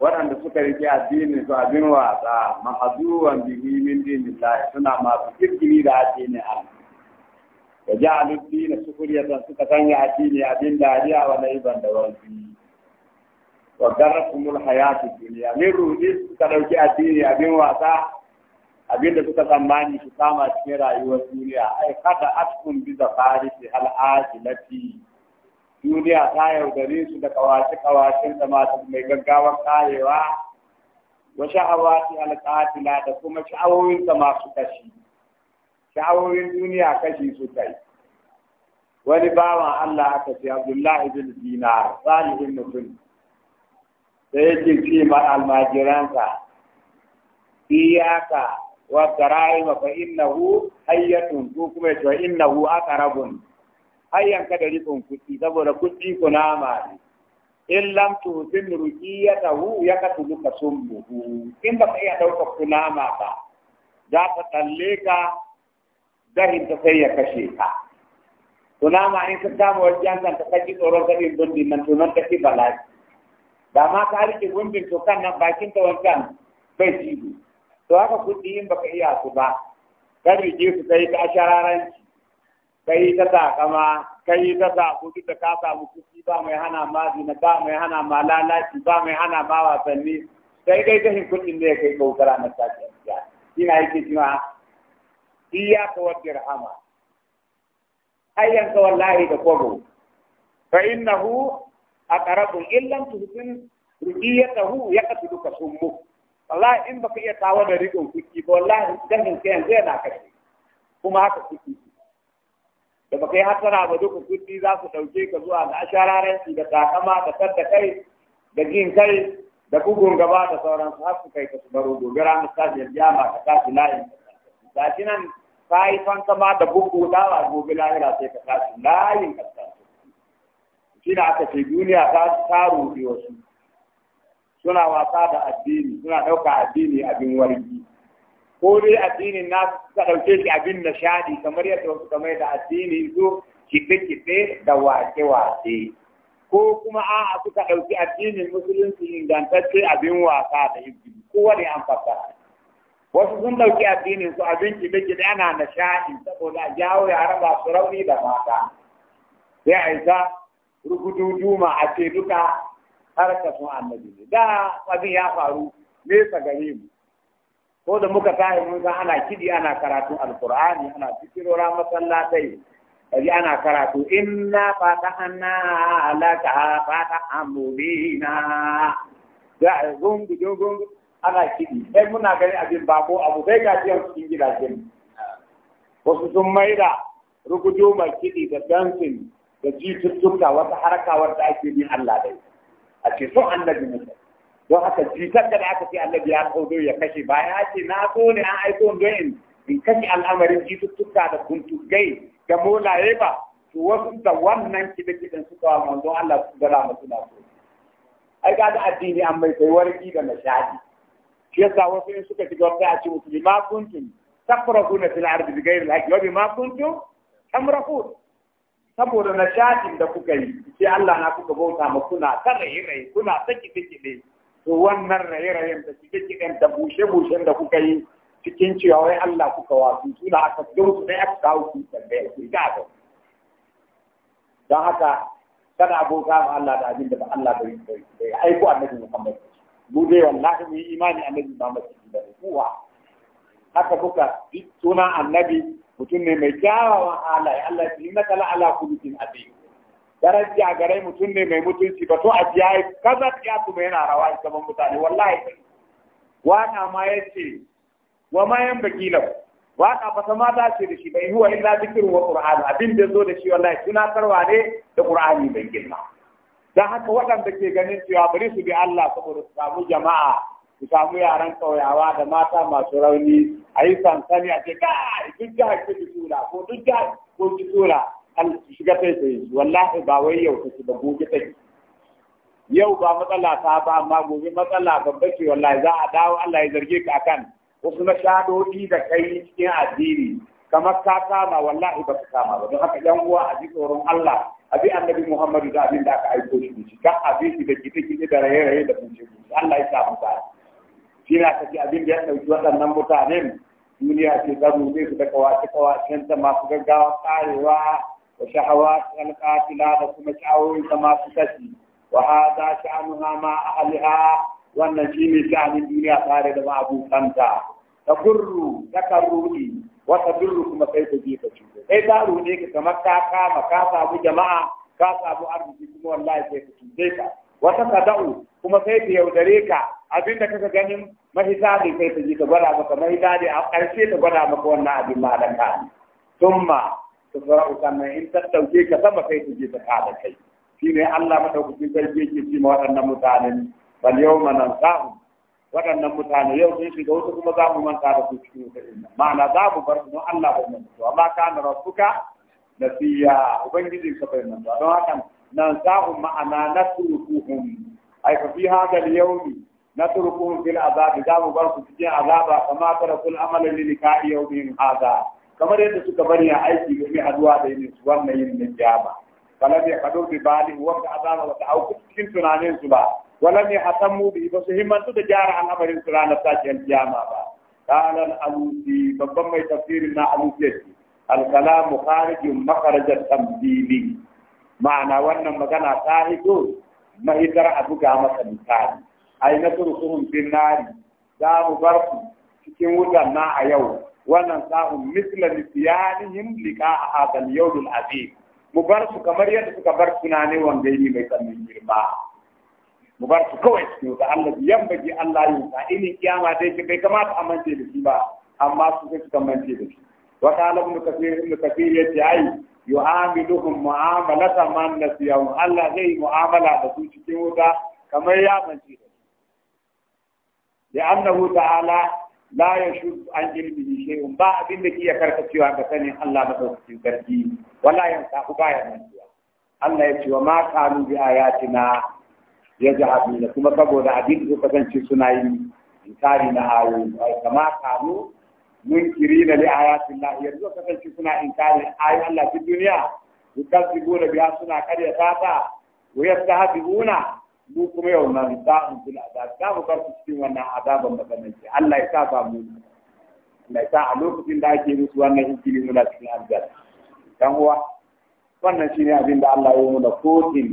waɗanda suka rike addinin su abin wasa mahazuwan bihi min dinillahi suna masu kirkiri da addinin Allah da ja'alu dina sukuriyatan suka sanya addini abin dariya wa laiban da wani wa garrakumul hayatud dunya min ruhi suka ɗauki addini abin wasa abin da suka tsammani su kama cikin rayuwar duniya ai kada atkum bi zafarisi hal ajilati duniya ta yaudare su da kawace-kawacen da masu mai gaggawar karewa wa sha'awati alƙatila da kuma da masu kashi sha'awoyin duniya kashi su kai wani bawan Allah aka ce Abdullahi bin Dinar salihin mutum da yake ce ma almajiransa iyaka wa gara'ima fa innahu hayyatun ko kuma ce innahu aqrabun hayyan ka da rikon kuɗi saboda kuɗi ku ne in lam ya ruqiyatahu yakatuluka summuhu in ba ka iya ɗaukar ku ba za ka tsalle ka dahin ta sai ya kashe ka Kunama in ka kama wajen kan ta kaji tsoron ka ɗin nan to nan ta ki bala'i da ma ka rike bundin to kan nan bakin ta wancan bai cibi to haka kuɗi in baka iya su ba kan rike su kai ka shararanci kai ta takama kai ta taku duk da ka samu kuki ba mai hana ma zina ba mai hana ma lalaci ba mai hana ma wasanni sai kai kashin kuɗin ne kai kokara na sake ina yake cewa iyaka wa dirhama ayyanka wallahi da kogo fa innahu aqrabu illam tuhsin ka sun summu wallahi in baka iya tawo da rikon kuki ba wallahi dan kai yanzu yana kashe kuma haka kuki. da ba kai hasara ba duka kuɗi za su ɗauke ka zuwa ga ashararanci da takama da tadda kai da jin kai da bugun gaba da sauransu har su kai ka su baro dogara na sashen ba ka tashi layin ka nan ka yi fankama da bugu dawa gobe lahira sai ka tashi layin ka tashi shi da aka ce duniya ta ta rufe wasu suna wasa da addini suna ɗauka addini abin wargi ko dai addinin na ta ɗauke shi abin nishaɗi kamar yadda wasu kamar da addini zo kife-kife da wake-wake ko kuma a suka ɗauki addinin musulunci ingantacce abin wasa da izini ne an fata wasu sun ɗauki addinin su abin kife-kife ana nishaɗi saboda a jawo yaran su rauni da mata sai a isa rubutu duma a ce duka harkar sun annabi da abin ya faru nesa gare mu ko da muka tashi mun ga ana kidi ana karatu alqur'ani ana ra masallatai kaji ana karatu inna fatahna laka fatahan mubina da gungu gungu ana kidi sai muna gani abin babo abu bai ga jiyan cikin gidajen wasu sun maida rukujo mai kidi da dancing da jituttuka wata harkawar da ake bin Allah dai a ce sun annabi musa don haka jitar da aka ce annabi ya kaudo ya kashe ba ya ce na so ne an aiko don in kashe al'amarin jitattuka da kuntugai da molaye ba to wasu da wannan kiɗe-kiɗen suka wa manzon Allah su gara masu na so ai ga da addini an mai kai warki da nishadi shi yasa wasu in suka shiga wata a ce musu bima kuntum tafrahuna fil ardi bi ghairi al-haqq wa bima kuntum tamrahun saboda nishadin da kuka yi sai Allah na kuka bauta ma kuna ta rayi kuna saki saki ne to wannan raye-rayen da suke kiɗen da bushe bushe da kuka yi cikin cewa wai Allah kuka wasu suna aka don su dai aka kawo su tambaya ku ga ga don haka kada aboka ma Allah da abin da ba Allah bai bai aiko annabi Muhammad mu dai wallahi mu yi imani annabi Muhammad da kuwa haka kuka suna annabi mutum ne mai kyawawan halaye Allah ya yi maka ala kullu din abin daraja gare mutum ne mai mutunci ba to a yi kaza ya kuma yana rawa saman mutane wallahi waka ma ce. wa ma yan bakilau waka fa ta mata ce da shi bai huwa illa zikrun wa ƙur'ani. abin da zo da shi wallahi tunatarwa ne da ƙur'ani bai girma dan haka waɗanda ke ganin cewa bari su bi Allah saboda su samu jama'a su samu yaran ƙauyawa, da mata masu rauni a yi sansani a ce kai duk jihar ke ko duk jihar ko tura!" kal shiga ta wallahi ba wai yau ba gobe ta yau ba matsala ta ba amma gobe matsala babba ce wallahi za a dawo Allah ya zarge ka akan wasu na shadodi da kai cikin addini kamar ka kama wallahi ba ka kama ba don haka yan uwa a tsoron Allah a bi annabi Muhammadu da abin da aka aiko shi da shi kan shi da gide-gide da raye-raye da kunce kunce Allah ya sa mutane shi na kaji abin da ya ɗauki waɗannan mutanen duniya ce ta rube su da kawace kawacen ta masu gaggawa karewa Wa shi hawa su alƙafi lalace mai kyawunsa masu sashi. Waxa za shi anu hama a Ali'a. Wannan shi duniya tare da ma'aikatan ta. Ka gurru, ta ka kuma sai ka je ka cika. Sai ta ruɗe ka ta mataki kama, ka sabu jama'a, ka sabu abinci kuma wanda ya ce ka cika. Wata kadau, kuma sai ta yaudare ka. Abinda ka ka ganin, mahiɗa ne kai ka je ka gwada maka. Mahiɗa ne a ce ta gwada maka wannan abin ma'adan ta. tazra'u in ta dauke ka sama kai ta je ta kada kai shine Allah madaukakin sarki yake ce ma waɗannan mutanen bal yawma waɗannan mutane yau sun shiga wasu kuma za mu manta da su cikin inna ma'ana za mu bar su Allah bai manta to amma rabbuka nasiya ubangijin ka bai don haka nan ma'ana ay fa fi hadha al-yawm fil azab za mu bar su cikin azaba kama tarakul amala yawmin hadha kamar yadda suka bari a aiki domin haduwa da yin su wannan yin nijaba falam ne kadu bi bali wanda azama wata auku cikin tunanin su ba wala ne hatamu bi ba su himmantu da gyara al'amarin su ranar sashen jama ba kalan alusi babban mai tafsirin na alusi ya ce alkalamu kharijin makarajar tambili ma'ana wannan magana ta hito mahitar a buga masa misali ai na turu bin binari? za mu bar ku. cikin wutan na a yau Wannan وننساهم مثل نسيانهم لقاء هذا mu bar su kamar yadda suka bar tunane wanda yi mai tsanin girma bar su kawai su da Allah yan baji Allah yin sa ini kiyama dai ke bai kamata a mance da shi ba amma su sai suka mance da shi wa qala ibn kathir ibn kathir yace ai yu'amiluhum mu'amalata man nasiyahu Allah zai mu'amala da su cikin wuta kamar ya mance da shi da annahu ta'ala la yashud an ilmihi shay'un ba abin da ke karkacewa ga sanin Allah madaukakin sarki wala yansa ku baya mantuwa Allah ya ce wa ma kanu bi ayatina yajhabuna kuma saboda abin da kasance suna yi inkari na ayoyi kama kanu mun munkirina li ayatillah yanzu kasance suna inkari ayoyin Allah fi duniya ku yukazzibuna biha suna karyata ta wa yastahbibuna mu kuma yau ma ba an kula da za mu bar su cikin wannan azaban matsananci Allah ya sa ba mu Allah ya sa a lokacin da ake musu wannan injili muna cikin aljanna dan uwa wannan shine abin da Allah ya yi muna kotin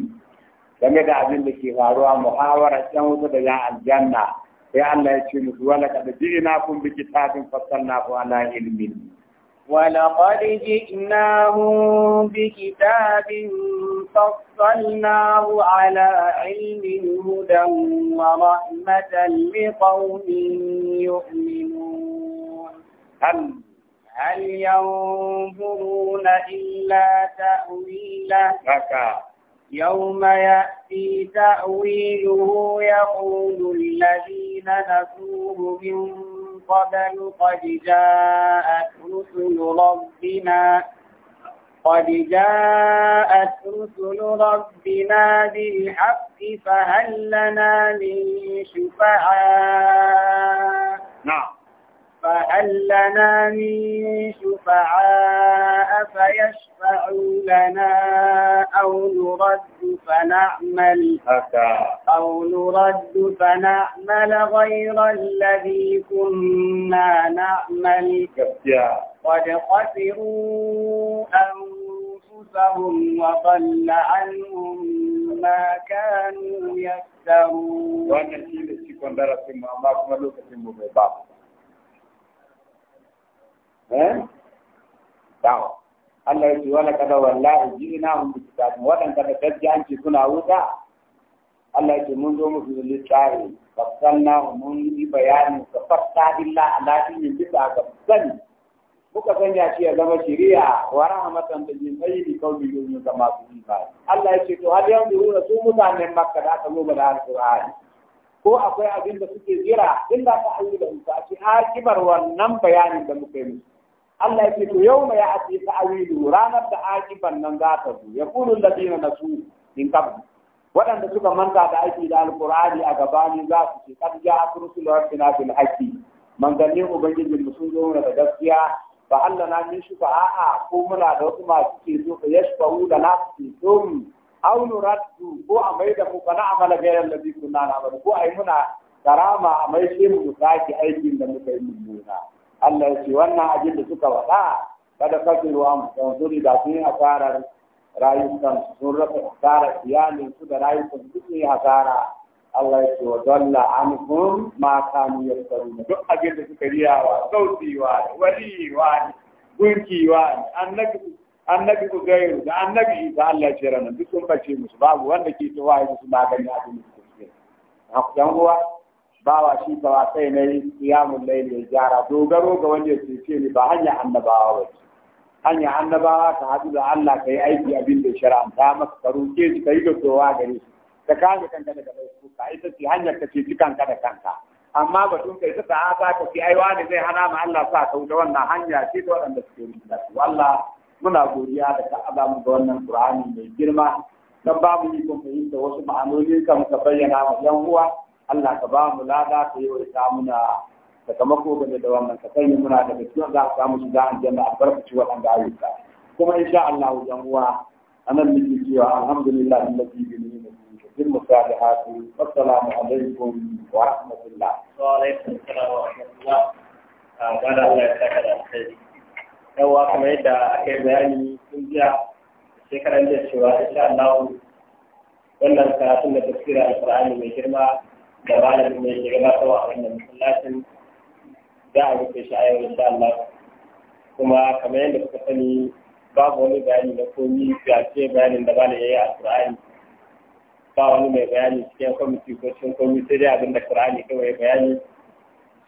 game da abin da ke faruwa muhawara can wuta da ya aljanna sai Allah ya ce musu wala kad kun bi kitabin fassalnahu ala ilmin ولقد جئناهم بكتاب فصلناه على علم هدى ورحمة لقوم يؤمنون أم هل ينظرون إلا تأويله يوم يأتي تأويله يقول الذين نسوه من قبل قد جاءت رسل ربنا قد جاءت رسل ربنا بالحق فهل لنا من شفعاء نعم فهل لنا من شفعاء فيشفعوا لنا أو نرد فنعمل أو نرد فنعمل غير الذي كنا نعمل قد خسروا أنفسهم وضل عنهم ما كانوا يفترون. eh dawo Allah ya ce wala kada wallahi jina hum bi kitabin wadan kada dajjanci suna wuta Allah ya ce mun zo musu littafi fasalna mun yi bayani ka fatta illa ala in bisa ga sani muka sanya shi ya zama shari'a wa rahmatan da jin tsayi da kauli domin ga masu imani Allah ya ce to har yanzu rura su mutanen Makka da aka goba da Al-Qur'ani ko akwai abin da suke jira illa ta ayyuka da su a ci akibar wannan bayanin da muka yi musu Allah yake to yau mai ya ake ta'awilu ranar da akiban nan za ta zo ya kulu ladina nasu in kab waɗanda suka manta da aiki da alqur'ani a gabani za su ce kad ja rusulu rabbina bil haqqi manzannin ubangijin mu sun zo da gaskiya fa Allah na min shuka a'a ko muna da wasu masu ke zo fa yashfa'u da nasu dum mu aw nuraddu ko a mai da mu kana amala ghayra alladhi kunna na'malu ko ai muna karama a mai shi mu sake aikin da muka yi mummuna Allah ya ce wannan abin da suka faɗa kada fasiru an suri da sun yi hasarar rayukan sun rasa hasarar iyalin su da rayukan su sun yi hasara Allah ya ce wa dalla ma duk abin da suka annabi annabi ku da annabi Allah ya ce duk sun bace musu babu wanda ke tawaye musu magani abin da suke yan uwa bawa shi ba wa sai na yi kiyamun laili ya gyara dogaro ga wanda ya ce ni ba hanyar annabawa ba hanya annabawa ka haɗu da Allah ka yi aiki abin da shara'anta masa ka roƙe shi ka yi gaggawa gare shi ka kame kanka daga kuka. ita ce hanyar ka ceci kanka da kanka amma batun kai ita ta ba ka fi aiwa ne zai hana ma Allah sa ka wuce wannan hanya ce ta waɗanda suke su. Allah muna godiya da ka mu ga wannan ƙur'ani mai girma dan babu ikon fahimta wasu ma'anoni kan ka bayyana wa 'yan uwa Allah ka ba mu lada ka yi wa muna sakamako game da wannan ka sanya muna daga cikin za ka samu shiga aljanna albarkaci waɗanda ayyuka kuma insha Allah wajen uwa anan muke cewa alhamdulillah allazi bi ni'matihi kathir musalihati assalamu alaikum wa rahmatullah wa alaikum assalam wa rahmatullah ah, ba da Allah ya saka da alkhairi yawa kamar yadda aka yi bayani tun jiya shekaran da cewa insha Allah wannan karatun da tafsirin alqur'ani mai girma Gaba da ya gabatar wa wannan masallacin za a rufe shi a yau insha Allah kuma kamar yadda kuka sani babu wani bayani na komi fiyace bayanin da bala ya yi a Qur'ani ba wani mai bayani cikin kwamiti ko cikin komi sai dai abin da Qur'ani kawai bayani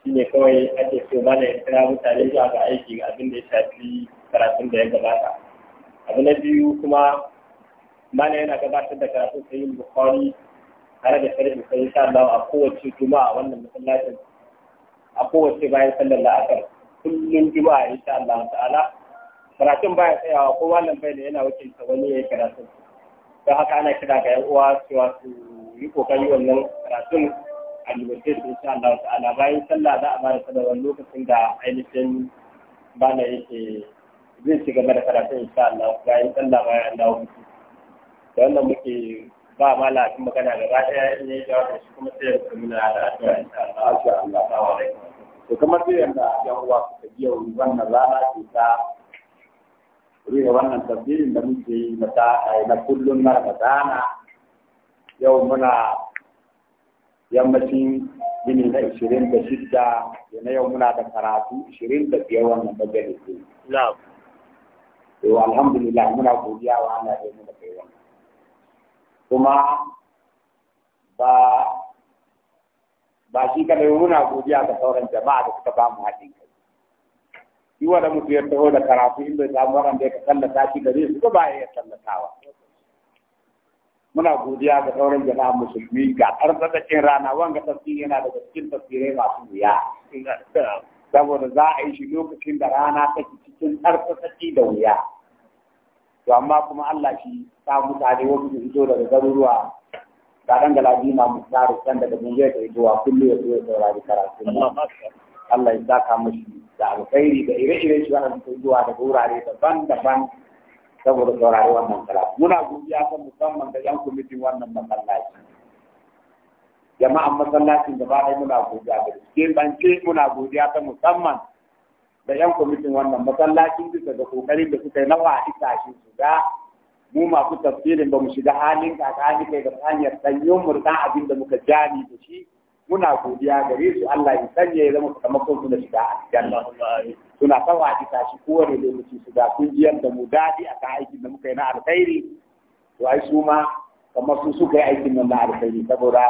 shi ne kawai ake so bala ya kira mutane zuwa ga aiki ga abin da ya shafi karatun da ya gabata abu na biyu kuma mana yana gabatar da karatun sayin Bukhari tare da sharhi sai insha Allah a kowace juma'a wannan masallacin a kowace bayan sallar la'asar kullum juma'a insha Allah ta'ala karatun baya tsayawa ko wannan bai da yana wakilta wani ya karatu don haka ana kira ga yan uwa cewa su yi kokari wannan karatun a liberté su insha Allah ta'ala bayan sallah za a bada sadarwar lokacin da ainihin bana yake zai ci gaba da karatun insha Allah bayan sallah bayan dawo da wannan muke ba ma lafin magana gaba ɗaya in yi jawabi shi kuma sai ya kuma da addu'a Allah insha Allah assalamu alaikum to kamar sai yanda yan uwa suka biya wannan rana ce ta ruwa wannan tafsirin da muke yi na ta eh, na kullun na Ramadana yau muna yammacin yini na ishirin da shidda da na yau muna da karatu ishirin da biyar wannan majalisi. Na'am. To alhamdulillah muna godiya wa Allah da mu da kai wannan. kuma ba ba shi kadai muna godiya ga sauran jama'a da suka bamu haɗin kai shi wanda mutu ya taho da karatu inda bai samu waɗanda ya tallata shi gare su ba ya wa? muna godiya ga sauran jama'a musulmi ga tsarkakakin rana wanga tafsiri yana daga cikin tafsirai masu wuya saboda za a yi shi lokacin da rana take cikin tsarkakaki da wuya to amma kuma Allah shi ta mutane wasu su fito daga garuruwa ga dan galabi ma mu tsaro can daga mun zai kai zuwa kullu ya zo ya saurari karatu Allah ya saka mashi da alkhairi da ire-ire shi wannan su zuwa daga wurare daban-daban saboda saurari wannan karatu muna godiya kan musamman da yan kwamitin wannan masallaci jama'an masallacin da ba muna godiya da su ke bance muna godiya ta musamman da yan kwamitin wannan masallacin bisa ga kokarin da suka yi nawa a kashin su ga mu masu tafsirin ba mu shiga halin ni kai da hanyar sanyin murna abin da muka jani da shi muna godiya gare su Allah ya sanya ya zama sakamakon su da shiga aljanna suna tawa a kashi kowane lokaci su ga ji da mu dadi a kan aikin da muka yi na alkhairi to ai su ma kamar su suka yi aikin nan na alkhairi saboda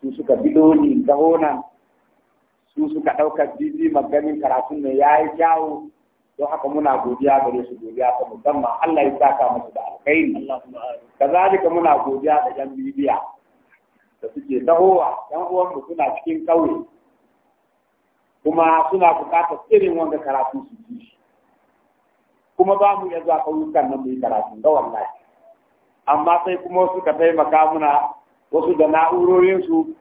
su suka bido ni gaho nan su suka ɗaukar jiji maganin karatun ne ya yi kyawu don haka muna godiya gare su godiya ta musamman Allah ya saka musu da alkhairi kazalika muna godiya da yan bibiya da suke tahowa yan uwanmu suna cikin ƙauye kuma suna buƙatar irin wanda karatu su ji kuma ba mu yanzu a ƙauyukan nan mu karatu da wallahi amma sai kuma suka taimaka muna wasu da na'urorinsu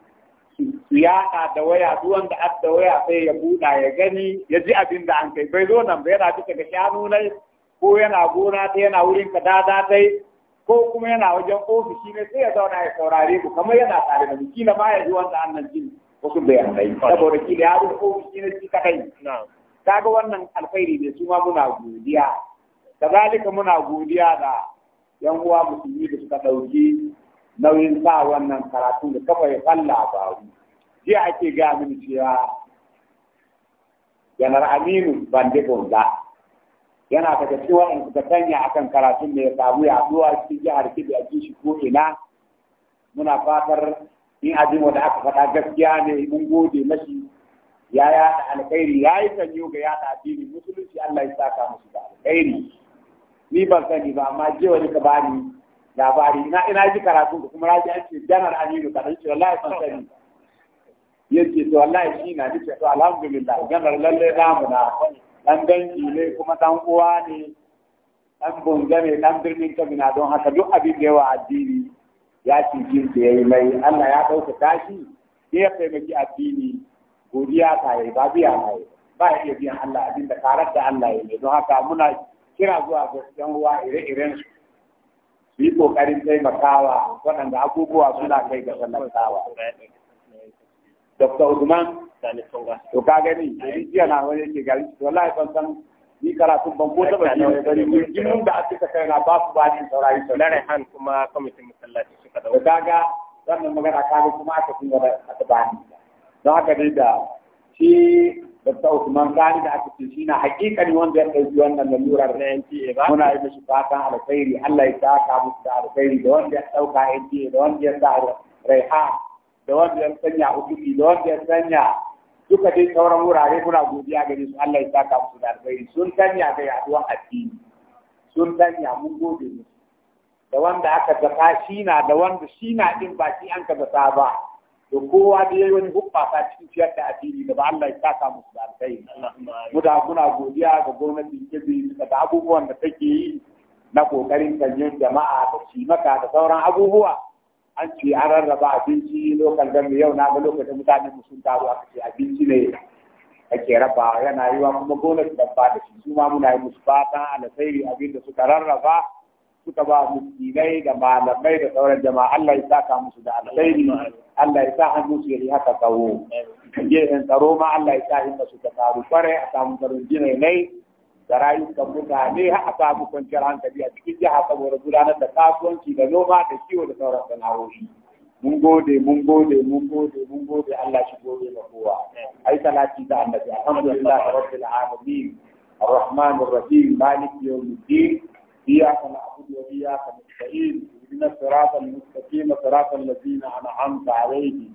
su yaɗa da waya duk wanda da waya sai ya buɗa ya gani ya ji abin da an kai bai zo nan ba yana bisa ga shanu nai ko yana gona ta yana wurin ka dada dai ko kuma yana wajen ofishi ne sai ya zauna ya saurare ku kamar yana tare da mu kila ma ya ji wanda annan jin wasu bayanai saboda kila ya rufe ofishi ne shi kadai kaga wannan alkhairi ne su ma muna godiya kazalika muna godiya da yan uwa musulmi da suka ɗauki nauyin sa wannan karatu da kafa ya falla ba jiya ake ga mini cewa janar aminu bande bonda yana daga cewa in ta sanya akan karatun da ya samu yaduwa cikin jihar Kebbi a kishi ko ina muna fatar in abin wanda aka faɗa gaskiya ne mun gode mashi ya yaɗa alkhairi ya yi sanyo ga yaɗa addini musulunci Allah ya saka musu da alkhairi ni ban sani ba amma je wani ka bani labari ina ina ji karatu kuma na ji an ce janar aminu kadan ce wallahi ban sani yake to wallahi shi na nake to alhamdulillah gamar lalle namu na dan danki ne kuma dan uwa ne dan bonga ne dan birnin kabina don haka duk abin da yawa addini ya cikin da yayi mai Allah ya dauka tashi ya taimaki addini godiya ta yi ba biya ta yi ba ya iya biyan Allah abin da karar da Allah ya yi don haka muna kira zuwa ga yan uwa ire-iren su yi kokarin taimakawa waɗanda abubuwa suna kai ga sallakawa Dr. Usman to ka gani ni jiya na wani yake gari wallahi ban san ni karatu ban ko taba ji wani bari in mun da aka kai na ba su bani saurari saurari han kuma kwamitin masallaci suka dauka to kaga wannan magana ka kuma aka kuma aka bani don haka dai da shi Dr. Usman Kani da aka ce shi na hakikani wanda ya ɗauki wannan lalurar na NTA ba. Muna yi mashi fatan alkhairi, Allah ya saka musu da alkhairi da wanda ya ɗauka NTA da wanda ya sa Raihan da wanda ya sanya utubi da wanda ya sanya duka dai sauran wurare kuna godiya gare su Allah ya saka musu da alheri sun sanya ga yaduwar addini sun sanya mun gode musu da wanda aka zaka shi na da wanda shi na din ba shi an ka zaka ba to kowa da yayi wani hubbasa cikin ciyar da addini da ba Allah ya saka musu da alheri mu da kuna godiya ga ke bi da abubuwan da take yi na kokarin kan jama'a da shi, maka da sauran abubuwa an ce an rarraba abinci lokal da yau na ga lokacin mutane sun taru aka ce abinci ne ake raba yana yi wa kuma gonar su dabba da shi muna yi musu fata alkhairi abinda suka rarraba suka ba miskinai da malamai da sauran jama'a Allah ya saka musu da alkhairi Allah ya sa hannu su yi haka tsawo gefen tsaro ma Allah ya sa hinka su ta taru kwarai a samu tsaron jinai da rayukan mutane har a samu kwanciyar hankali a cikin jiha saboda gudanar da kasuwanci da noma da kiwo da sauran sana'o'i mun gode mun gode mun gode mun gode Allah shi gode ga kowa ai salati da annabi alhamdulillah rahim, malik الرحمن الرحيم biya يوم abu da biya وإياك نستعين اهدنا الصراط المستقيم صراط الذين أنعمت عليهم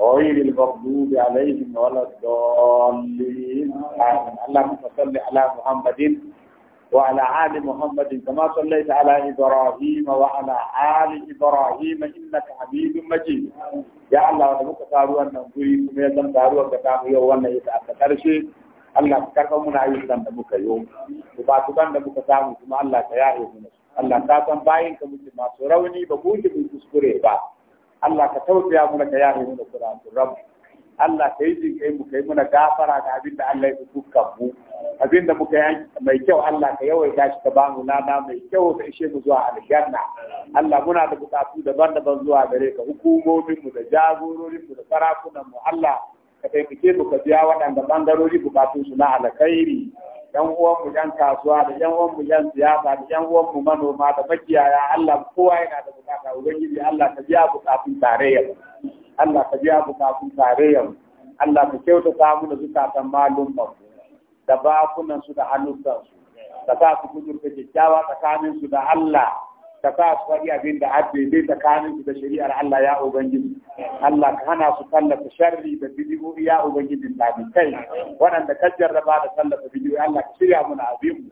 غير المغضوب عليهم ولا الضالين اللهم صل على محمد وعلى آل محمد كما صليت على إبراهيم وعلى آل إبراهيم إنك حميد مجيد يا الله ونبوك تارو أن نبوي كم يزم تارو أن يوم يوانا يتعب ترشي الله كرقمنا أيضا يوم وبعد ذلك بك تعالوا كما الله تياري Allah ta san bayin ka muke masu rauni ba mu mun kuskure ba Allah ka tausaya muna ka yahe muna kuratun rabu Allah ka yi jin kai mu kai muna gafara ga abin da Allah ya dukkan mu abin da muka yi mai kyau Allah ka yawai gashi ka ba mu lada mai kyau ka ishe mu zuwa aljanna Allah muna da bukatu daban-daban zuwa gare ka hukumomin mu da jagororin mu da sarakunan mu Allah ka taimake mu ka biya waɗanda bangarori bukatun su na alkhairi yan uwanmu yan kasuwa da yan uwanmu yan siyasa da yan uwanmu manoma da makiyaya Allah kowa yana da bukata ubangiji Allah ka biya bukatun tarayyar Allah ka biya bukatun tarayyar Allah ka ta mu da zukatan malum da bakunan su da hannun su da sa su kujurta kyakkyawa tsakanin su da Allah ka sa abinda faɗi abin da abin bai tsakanin da shari'ar Allah ya Ubangiji. Allah ka hana su tallata sharri da bidiyoyi ya Ubangiji tabi kai waɗanda ka jarraba da tallata bidiyoyi Allah ka shirya muna abin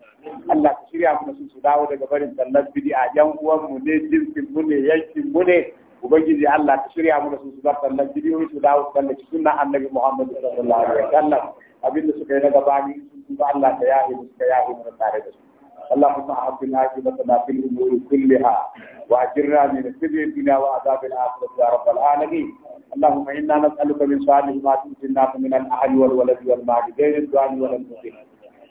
Allah ka shirya muna su su dawo daga barin tallar bidi'a yan uwan mu ne jinsin mu ne yankin mu ne Ubangiji Allah ka shirya muna su su bar dawo annabi Muhammad sallallahu alaihi abin da suka yi na gabani sun Allah ka yahi suka yahi mana tare da su. اللهم أعطنا عاقبتنا في الأمور كلها وأجرنا من السبيل الدنيا وعذاب الآخرة يا رب العالمين اللهم إنا نسألك من صالح ما تؤتنا من الأهل والولد والمال غير الدعاء والمسلم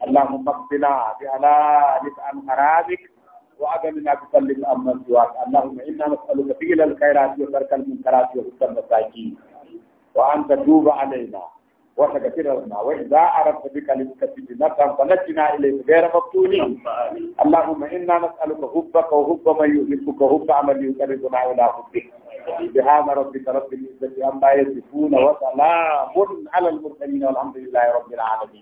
اللهم اقتنا بحلالك عن حرامك وأغننا بفضلك الأمن سواك اللهم إنا نسألك فعل الخيرات وترك المنكرات وحسن المساجين وأن تتوب علينا وتكثير لنا وإذا أردت بك لتكفي نفسا فنجنا إليك غير مفتونين اللهم إنا نسألك حبك وحب من يحبك وحب عمل يقربنا إلى حبك سبحان ربك رب العزة عما يصفون وسلام على المرسلين والحمد لله رب العالمين